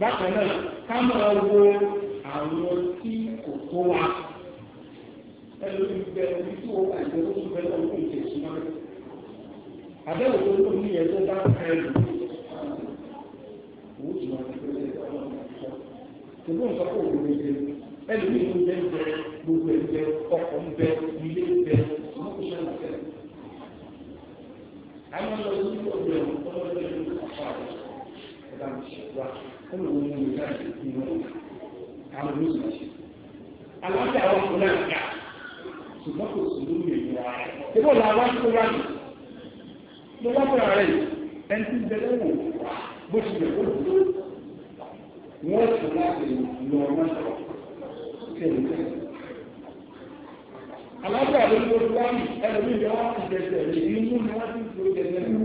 bákan náà ká máa wo àwọn tí kò tó wa ẹnu ìgbẹ́ orí tí wọ́n wà ìgbẹ́ tó tún fẹ́ lọ́wọ́ ní ìtẹ̀sí náà. àbẹ̀wò tó ń lò ní ẹ̀ tó bá fẹ́ lò owó tí wọ́n ti fẹ́ lọ́wọ́ tó ń sọ pé òun ló ń ẹlòmíì ló ń bẹ bẹ gbogbo ẹ bẹ ọkọ ń bẹ ilé ń bẹ ọmọ kò sẹ́yìn sẹ. àwọn ọmọ ìlú ọgbẹ ọmọ ìlú ìlú ọkọ àti ọba mi ṣe ọmọ ìlú ìlú ìlú láti fi mọ àwọn ìlú ìlú àwọn ọjà wọn kò náà ká ṣùgbọ́n kò sí lórí èyí wa. ìbò làwọn aṣọ wa nù. mo wá fún ara yìí ẹni tí ń bẹ lọ́wọ́ ṣe lè ló ń lo ẹlòmíì ni wọ́n ti dẹ̀sẹ̀ ní inú ni wọ́n ti ń dẹ̀sẹ̀ nù.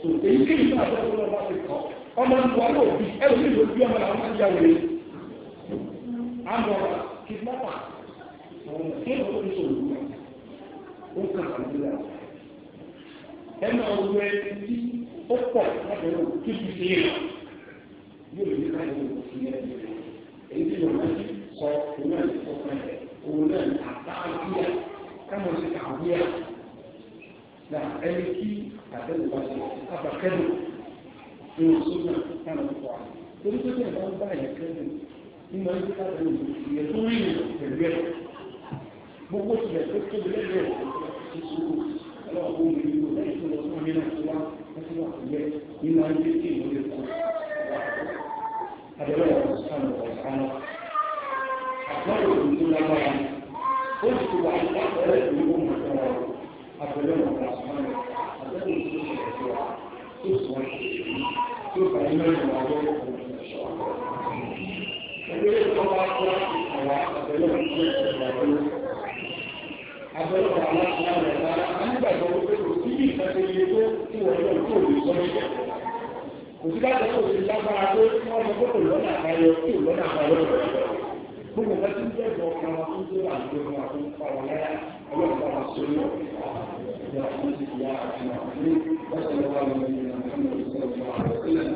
Kò èyí kí ìlú àtọ́jú lọ bá ti kọ̀. Ọmọ ń wá bí ẹlòmíì ló bí ọmọ làwọn máa ń ya wèrè. Àmọ̀ kìdínápà ọ̀hún kí ló ń sọ òwú. Ó kà á nílẹ̀. Ẹnu ọ̀rọ̀ ẹni tí ó pọ̀ ti fi sọ òun náà ti sọ fún ẹ òun náà ní àtàwíyà káwọn ti kàwíyà na ẹni kí àtẹ̀wò bá ṣe abàkẹ́lò ní oṣù náà káwọn ti kọ́ àná torí pé bí ẹ̀dá ń bá ẹ̀yẹ nínú ẹni káwọn ti kọ́ ìyẹn tó rí ìlú pẹ̀lú ẹ̀ gbogbo tilẹ̀ tó tóbi lẹ́gbẹ̀ẹ́ ti sùúrù ọlọ́run kó mi nílò lẹ́yìn tó lọ fún mi náà tó wá wọ́n ti wà pẹ̀lú ẹ̀ nínú ẹni tí èèyàn àdéhùn ọ̀sán ọ̀sán wọ́n yóò ní lágbára ó sì ti wà nípa ẹ̀rẹ́ ìlú mọ̀tọ́ àbẹ̀rẹ̀ mọ̀tọ́ àbẹ̀rẹ̀ àbẹ̀rẹ̀ ìlú ìṣẹ̀lẹ̀ wa tó sì wọ́n ṣe èyí tó bá yín mẹ́rin wà lọ́wọ́ òun ṣọ́. ẹgbẹ́ ìjọba wa kọ́ àwọn àbẹ̀rẹ̀ ìlú ìṣẹ̀lẹ̀ wa lọ́wọ́ wà lọ́wọ́ nígbàgbọ́ pé kò sí bí ìfẹ́ tí wọ́n tó lè sọ níbẹ̀ kò sí bá tẹ̀lé òsì lágbára pé wọ́n lọ kó kò lọ́nà àbáyọ lọ́nà àbáyọ gbogbo ìgbà tí ń jẹ́ ìgbà ọ̀kan wa tó dé àti ìgbà wa tó ń fa wọn láyà ọlọ́run bá wa sọ yọ. Ìyá fún ti ìyá àti àwọn ilé lọ́sẹ̀ lọ́wọ́ àwọn ọmọ ìyá fún mi sọ ìgbà àwọn sílẹ̀.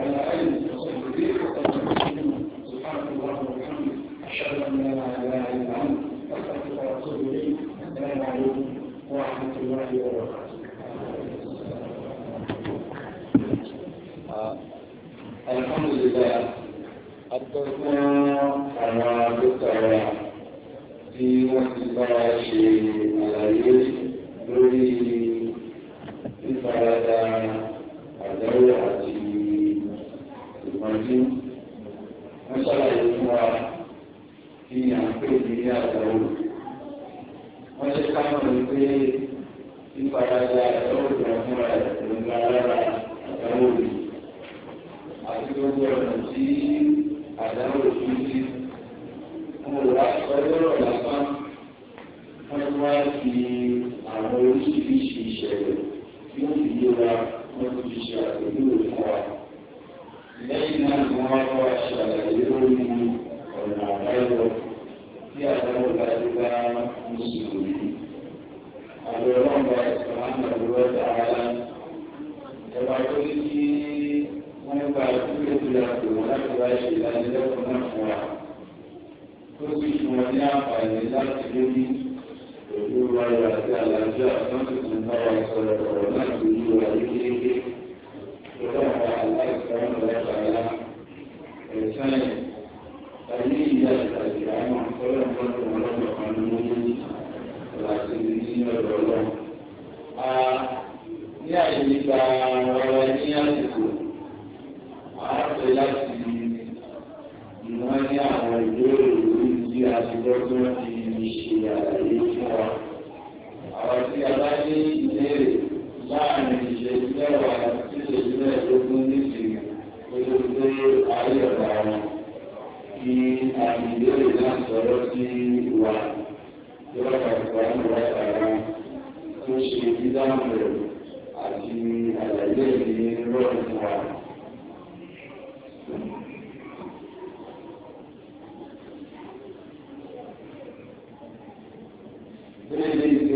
Àyà ayé ìjọsìn ìdílé ọ̀sán ìgbà tó ń bọ̀ sùpá tó wà lọ́wọ́ fún mi. Aṣọ́lá ní ara ìlà ìlà ń pàṣẹ tó wà tó lé ẹ̀rọ ayé wà á ti wá yọ ọ̀rọ̀. Alhamdulillah adúgbò fún àwọn adókòwò tí wọ́n ti bá a ṣe àlàyé lórí fífaradà àdáwò àti ìpọ́njú. wọ́n ṣàlàyé fún wa kí ni à ń pè ní àdáwò. wọ́n ṣe ká mọ̀ ní pé fífaradà àdáwò tó ń fúnra ẹ̀ ló ń bá lára àdáwò yìí. àti gbogbo ọ̀nà tí àdáwò ìdílé wọn ò wá ọlọ́rọ̀ lásán wọn wá sí àwọn oríṣiríṣi ìṣẹ̀lẹ̀ tí wọ́n sì yé wa wọ́n ti ṣe àpèjúwe fún wa. lẹ́yìn náà ni wọ́n wá wá ṣàlàyé lórí ọ̀nà àbáyọ tí àdáwò láti bá mùsùlùmí. àbẹ̀wò ọ̀gá ìsọ̀rọ̀ àmàlùwẹ̀ dára ẹ̀wà tó ní kí wọ́n nípa ìdílé tó yà pé wọ́n láti wá ṣe ìdánilẹ́kọ̀ọ́ náà fún wa. tó sì fún wọn ní àǹfààní láti lórí pẹ̀lú ayọ̀ àti àlàáfíà wọ́n sì tún bá wa sọ̀rọ̀ ọ̀rọ̀ náà tó yí wa yékéyéké. lọ́wọ́ aláìsàn ọ̀rọ̀ àlá ẹ̀sán ayé ìyá ìtàgé àwọn ọ̀rọ̀ ọ̀rọ̀ ọ̀rọ̀ kan ní láti ní ọ̀rọ̀ ọ̀rọ̀. ní àyè nípa ọ̀rọ̀ ní àsìkò wàá pè láti ìwọ́n ní àwọn ìbéèrè orí tí a ti gbọ́dọ̀ ti ṣe àlàyé fún wa. àwọn a bá ní ìbéèrè láàrin ìṣẹ́jú mẹ́wàá sí ìṣẹ́jú mẹ́ẹ̀ẹ́dógún nísìnyí ló gbé ayé ọ̀gá wọn kí àmì ìbéèrè náà sọ̀rọ̀ sí wa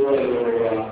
wọ́n lọ wà.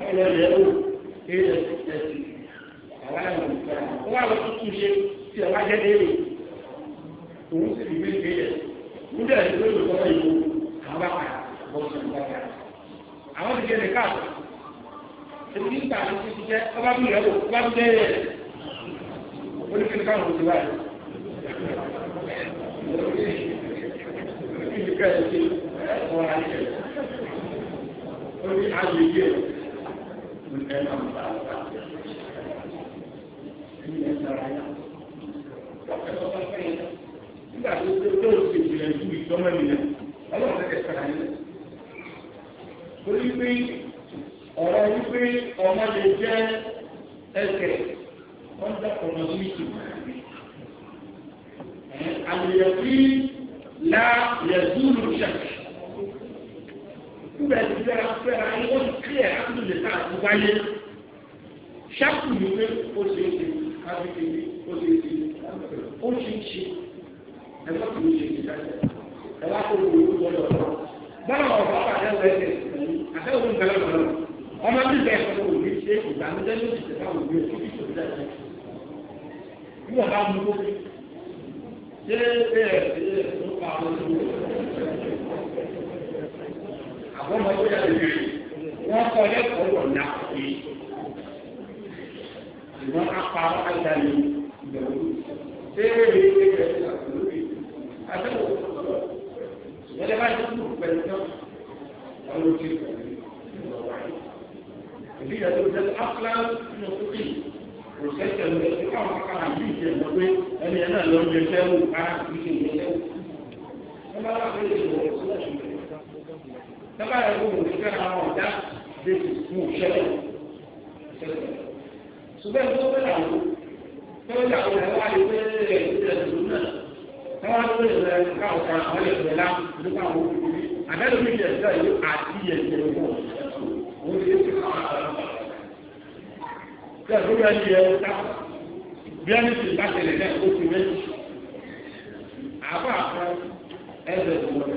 ọlọ rẹ o ẹ ẹ ẹ àwọn àwọn ìgbà wọn àwọn tuntun ṣe tí ọba jẹ déèrè òun sì rí bíi déèrè nígbà tí ó lè kọ́ ìlú àwọn bá kà bọ́ sí ìgbà kà àwọn ti jẹ ní káàtó èmi nígbà tó ti jẹ ọba bí rẹ o ọba bí déèrè oníkèéká òun ti wáyé ìdíkà ẹ̀ ṣe ọ̀rọ̀ àyè orí àyè yìí nígbà tó tó o ṣe ìpìlẹ̀ ju ìtọ́mọ̀ ènìyàn ọlọ́run tẹ̀lé sara yín torí pé ọ̀rọ̀ wípé ọmọ lè jẹ́ ẹsẹ̀ wọ́n dàpọ̀ lọ sí ìtù àlùyẹ̀bí la yẹ̀dúró ṣàkóso nígbà tí fẹ́ra fẹ́ra wọ́n ti kílẹ̀ ábùdè tá a kó wáyé ṣáàpù yìí pé ó ṣe é ṣe ábùdè ó ṣe é ṣe ó ṣe é ṣe ẹgbẹ́ tó ṣe é ṣe ẹ wá kó lóyún lọ. báwo ọ̀rọ̀ bá àdéhùn ẹ̀jẹ̀ àdéhùn ń bẹ̀rẹ̀ lọ́dọ̀ ọmọ bí bẹ́ẹ̀ sọ òní ṣe ìgbàlódé ti ṣe báwo ti ṣe bí wọ́n mú lókè ṣé ẹ̀ ẹ̀ ló pa àwọn ọmọ àwọn ọmọ ẹgbẹ́ rẹ̀ wọ́n kọ́ lẹ́kọ̀ọ́ wọ̀ ní àpè ìwọ́n apá àdáni ìbẹ̀wò téèrè téèrè àkùnrin àbẹ̀wò ìyẹlẹ bá yẹ pẹ̀lú náà wọ́n ló ti pẹ̀lú ìdí ìyàtọ̀ ìjọba afúlá nínú kókè kò sẹ́sẹ̀ lọ sí káwọn akára bí ìjẹ́ ìjọ pé ẹni ẹ̀ náà lọ́ọ́ jẹ sẹ́wọ̀n ká ìjẹ́ ìjẹ́ sẹ́wọ̀n sábà yẹ kó wòlé fẹ́ àwọn ọ̀dà bẹ́ẹ̀ mú ṣẹlẹ̀ ṣẹlẹ̀ ṣùgbọ́n tó fẹ́ làwọn tó fẹ́ làwọn ẹ̀ wá lè fẹ́ ẹ̀ ẹ̀ ẹ̀ wá lè fẹ́ káwọn kan àwọn lè fẹ́ lá nípa àwọn olùkọ́ àdáyé mi yẹ sẹ́yìn yóò àti yẹ sẹ́yìn fún ọ òun yẹ sẹ́yìn fún ọ. Ṣé ẹ̀dúrà yìí yẹ ọ́ sáà? Bí ẹni sì bá tẹ̀lé náà ó ti méjì. Àbá àpọ̀ ẹ̀ bẹ̀rẹ̀ wọlé.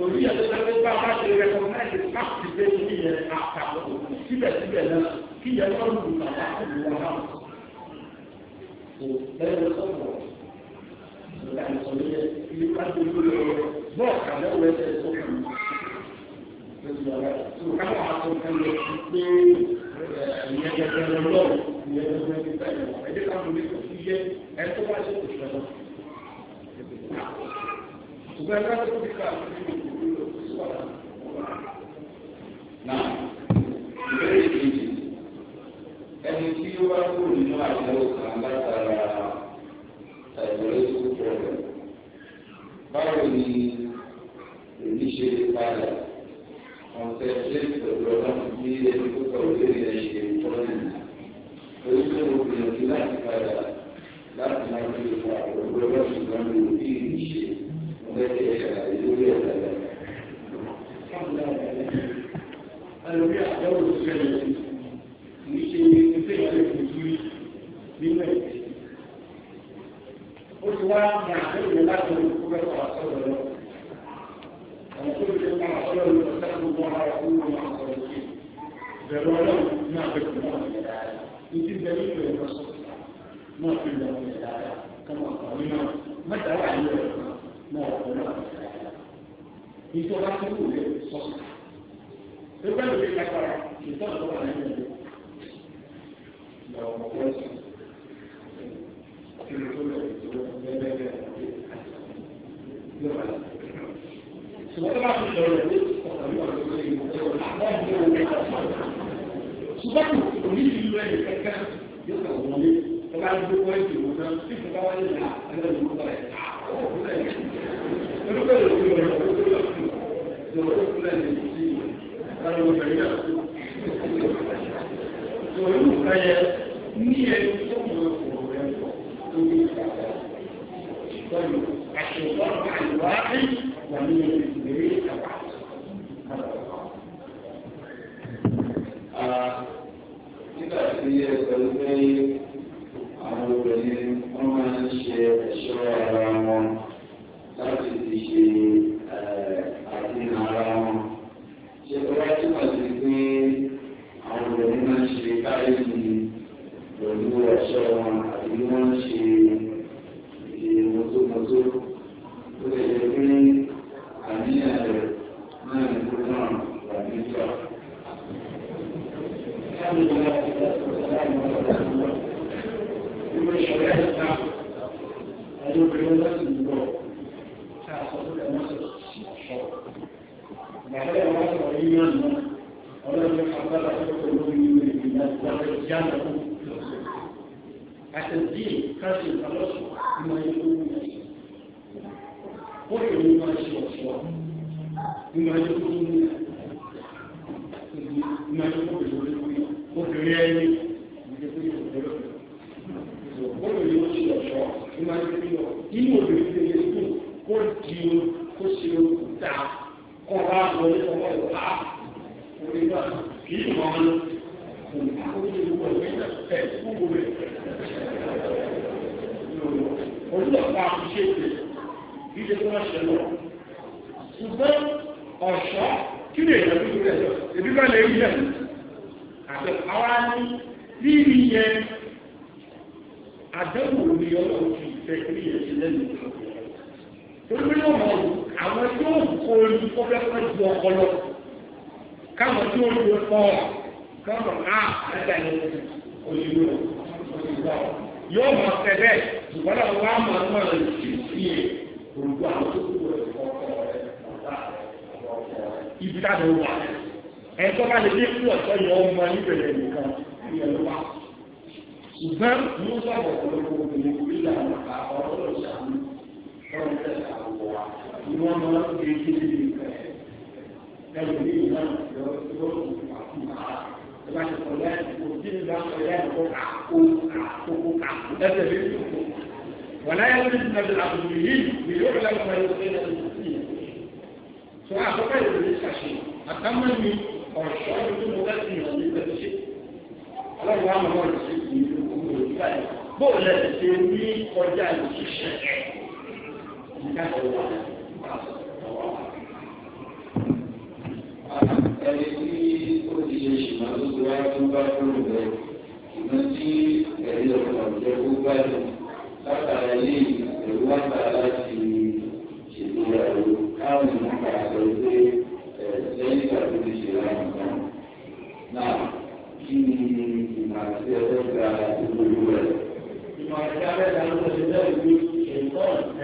torí ẹ̀ lọ́sẹ̀ bá bá ṣe rẹ̀kọ̀mẹ́ǹdì láti gbé ní ìyẹn àtàwọn síbẹ̀síbẹ̀ náà kí ìyẹn lọ́ lù bàbá ìlú wa náà. kò lẹ́nu sọ̀rọ̀ ìgbà ìsọ̀lẹ̀ ilé kájú lórí ọ̀rọ̀ bọ́ọ̀ kàlẹ́ wọ ẹsẹ̀ tó kù. Káwọn àtúntò lè fi pé ìyẹn gẹ́gẹ́ lọ́wọ́ ìyẹn gẹ́gẹ́ bí bẹ́ẹ̀ lọ. Ẹ̀jẹ̀ káwọn ní kò fi yẹ ẹ̀ tó bá ṣe kò ṣẹlẹ̀ ṣùgbọ́n ẹgbẹ́ tó ti ká àwọn ìlú ìlú sọ̀rọ̀ náà ìbéèrè kejì ẹni tí ó bá kú nínú àjẹwò kan látara ẹ̀rọ tó pọ̀ rẹ̀ báwo ni èmi ṣe lè padà ọ̀sẹ̀ ṣe pẹ̀lú ọlọ́run bí ẹni tó kọ̀ lórí ẹ̀ ṣe tọ́lẹ̀ orí tó ń gbìyànjú láti padà láti máa fi ìfọ̀ àwọn ọlọ́run ṣùgbọ́n mi ò bí ìṣe. Ó ti wá ní àdéhùn láti ọdún kúrẹ́. ìjọba tó wù lé sọ́sì. Ẹgbẹ́ mi lè lágbára ìtàn tó wà nínú ìlú. Ìgbà ọmọ sọ. Kí ni tó lọ ìṣòro lẹ́gbẹ̀rẹ̀ àti ìjọba? Ṣùgbọ́n tó bá ti lọ rẹ̀ ní ọ̀sán yóò lọ sí ìlú tó wà láàárín ìlú tó wà. kò ní ìlú ẹ̀ kẹ́kẹ́ yóò kà wọ́n Ọba ń gbé wọ́n ìdìbò náà, ìfúnpá wáyé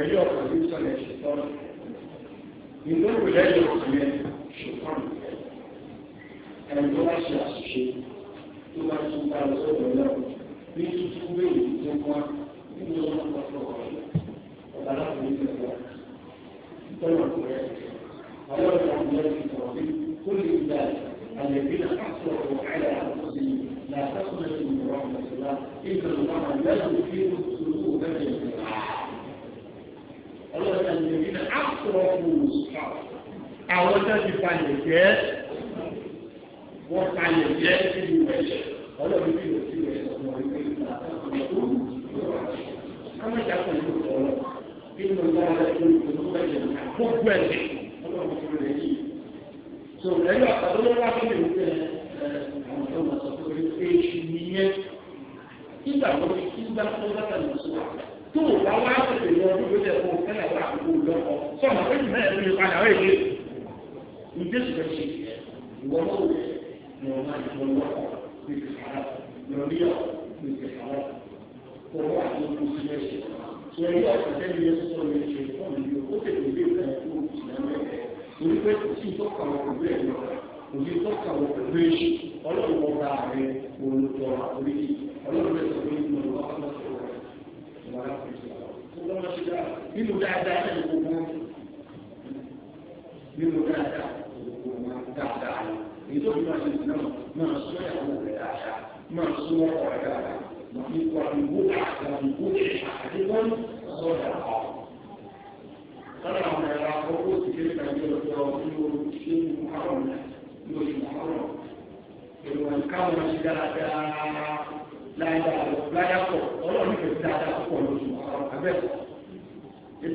pẹ̀lú ọkùnrin tó sọ̀rọ̀ ṣùgbọ́n inú ìrẹ́ ìrọ̀kùnrin ṣùgbọ́n ẹni tó bá ṣe àṣìṣe sọ̀rọ̀ pé ìgbà ẹ̀rọ padà wẹ̀ yé ìdí èsì ṣe ìwọ náà wò ní ọmọ ìwọ náà ní ìfàlà lórí ọ̀ ní ìfàlà kó wà ní sí ẹ̀ ṣe tí ẹ̀ yọ ọ̀sẹ̀ ní ẹ̀ sọ̀rọ̀ ní ṣe fún mi ó tẹ̀ lé ilé ìfẹ́ tó ti náà mẹ́rẹ̀ torí pé kò sí ìtọ́ka wọn pẹ̀lú ẹ̀ lọ kò sí ìtọ́ka wọn pẹ̀lú èṣù ọlọ́run ọba rẹ olùtọ́ nínú dáadáa ẹ̀ gbogbo nínú dáadáa òun máa dáadáa nítorí máa ṣe náà máa sún ìyàwó rẹ̀ dáadáa máa sún ọkọ̀ rẹ̀ dáadáa máa fi kọ́ àdúgbò àdúgbò àdúgbò sọ̀rọ̀ ọ̀. Sára àwọn ẹ̀rọ àkọ́kọ́ ti kéré kan ní ọjọ́ nínú ṣé ní Mùhárọ̀ náà ní oṣù Mùhárọ̀. Èrò ẹ̀ka wọn ṣe dáadáa láyà pọ̀ dáadáa púpọ̀ lóṣù Mùhárọ̀ abẹ́kọ̀. Ṣé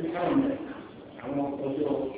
Mùhárọ̀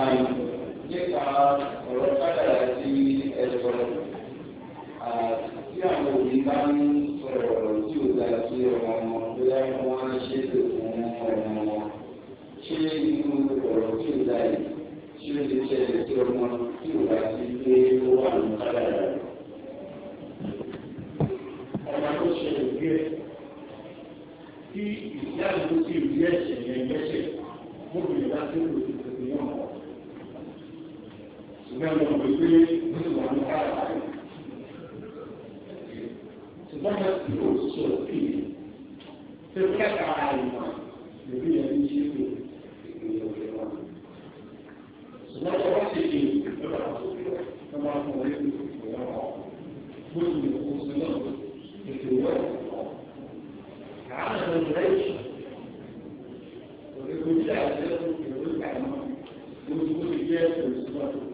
àmì nípa ọ̀rọ̀ kádàrá sí ẹ̀sọ́ tí àwọn òbí bá ń sọ̀rọ̀ ọ̀rọ̀ tí ò dára sí ọmọ wọn bóyá wọn ṣe é fún ọmọ wọn ṣé inú ọ̀rọ̀ tí ò dára yìí ṣé ó lè ṣẹlẹ̀ sí ọmọ tí ò bá ti gbé ó wà ní kádàrá rẹ̀. ọmọ tó ṣe ìgbé tí ìyá ìlú ti rí ẹ̀ṣẹ̀ yẹn gbẹ́ṣẹ̀ mọ́bìnrin bá ti lò sí ìpínlẹ̀ ọ̀hún. ìgbẹ́mọ̀ pẹ̀lú ìwọ̀n ní káàkiri. ṣùgbọ́n náà tí ó sọ pé tí ó kẹta àìmọ̀ lórí ẹni tí ó ìgbìyànjú rẹ̀ wà. ṣùgbọ́n tó bá ṣe ṣe ìgbẹ́mọ̀ tó máa fún ọ lẹ́nu ìgbìyànjú wọn. bó ti lè kó sí náà ètò ìwé ẹ̀kọ́. àánú ẹ̀rọ rẹ̀ ṣe. òṣèlú ìjà ìjẹ́ òṣèlú ìjà ìmọ̀. mo ti kó ti jẹ́ òṣèlú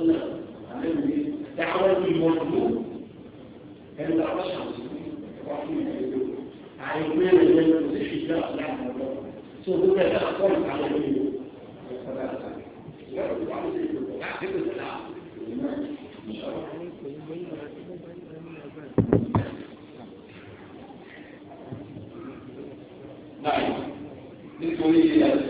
الرسول دعوة المظلوم كان ده 10 عايزين ان نمشي ده لا سو هو ده اخبار على اليوم نعم بالتوجيه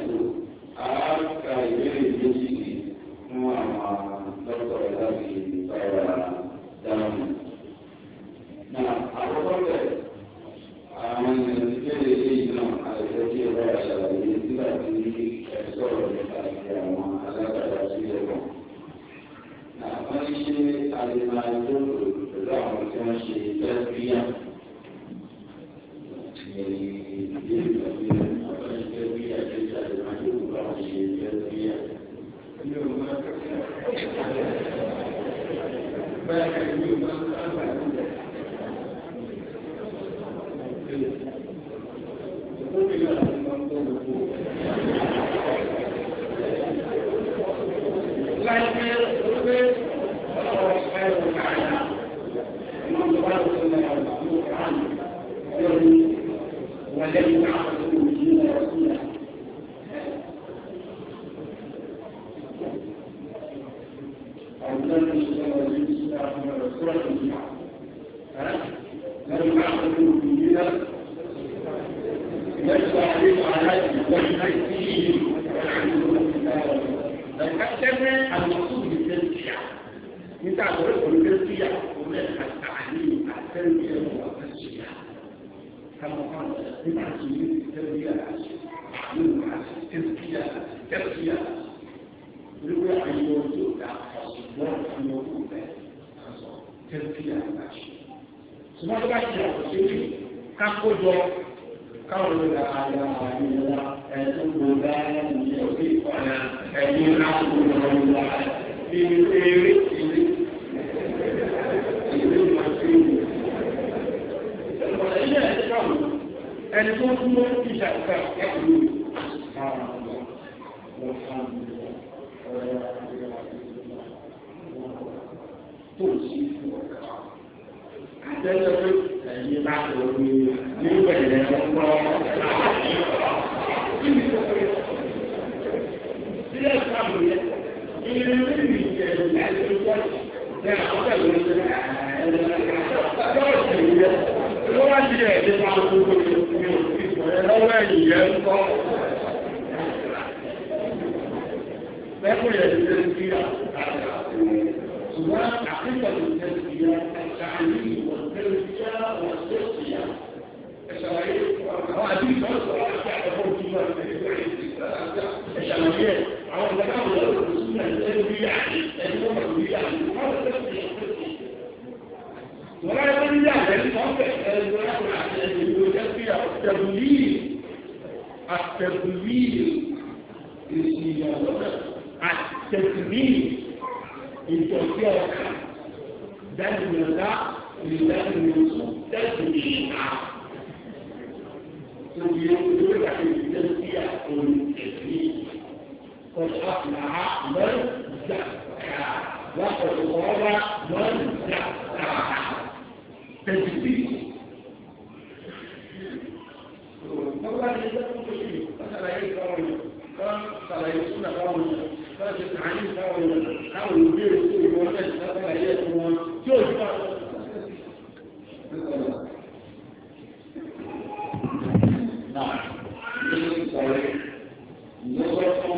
Nuestro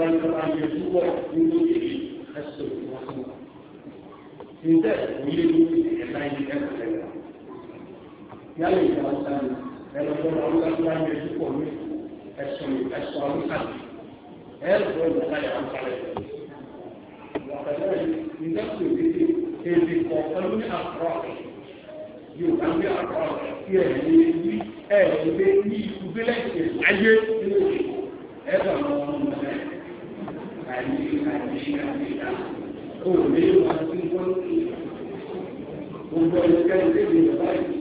ذلك أن يسوع يريد السوء والسوء إذا يريد الإعلان بأسره يا ليت أصلا لأن الله أولا أن يسوع السوء السوء يرجو النتائج عن صالحه وكذلك من نفس الذكر الذي قوم أقراره yóò ní ọ̀rọ̀ tí ẹ̀ lè rí ẹ̀ lè ní ìkúgbélẹ̀ ìṣẹ̀lẹ̀ ayé nínú ẹ̀ bá wọn mú un àyè gbogbo ẹgbẹ́ ìdíje báyìí.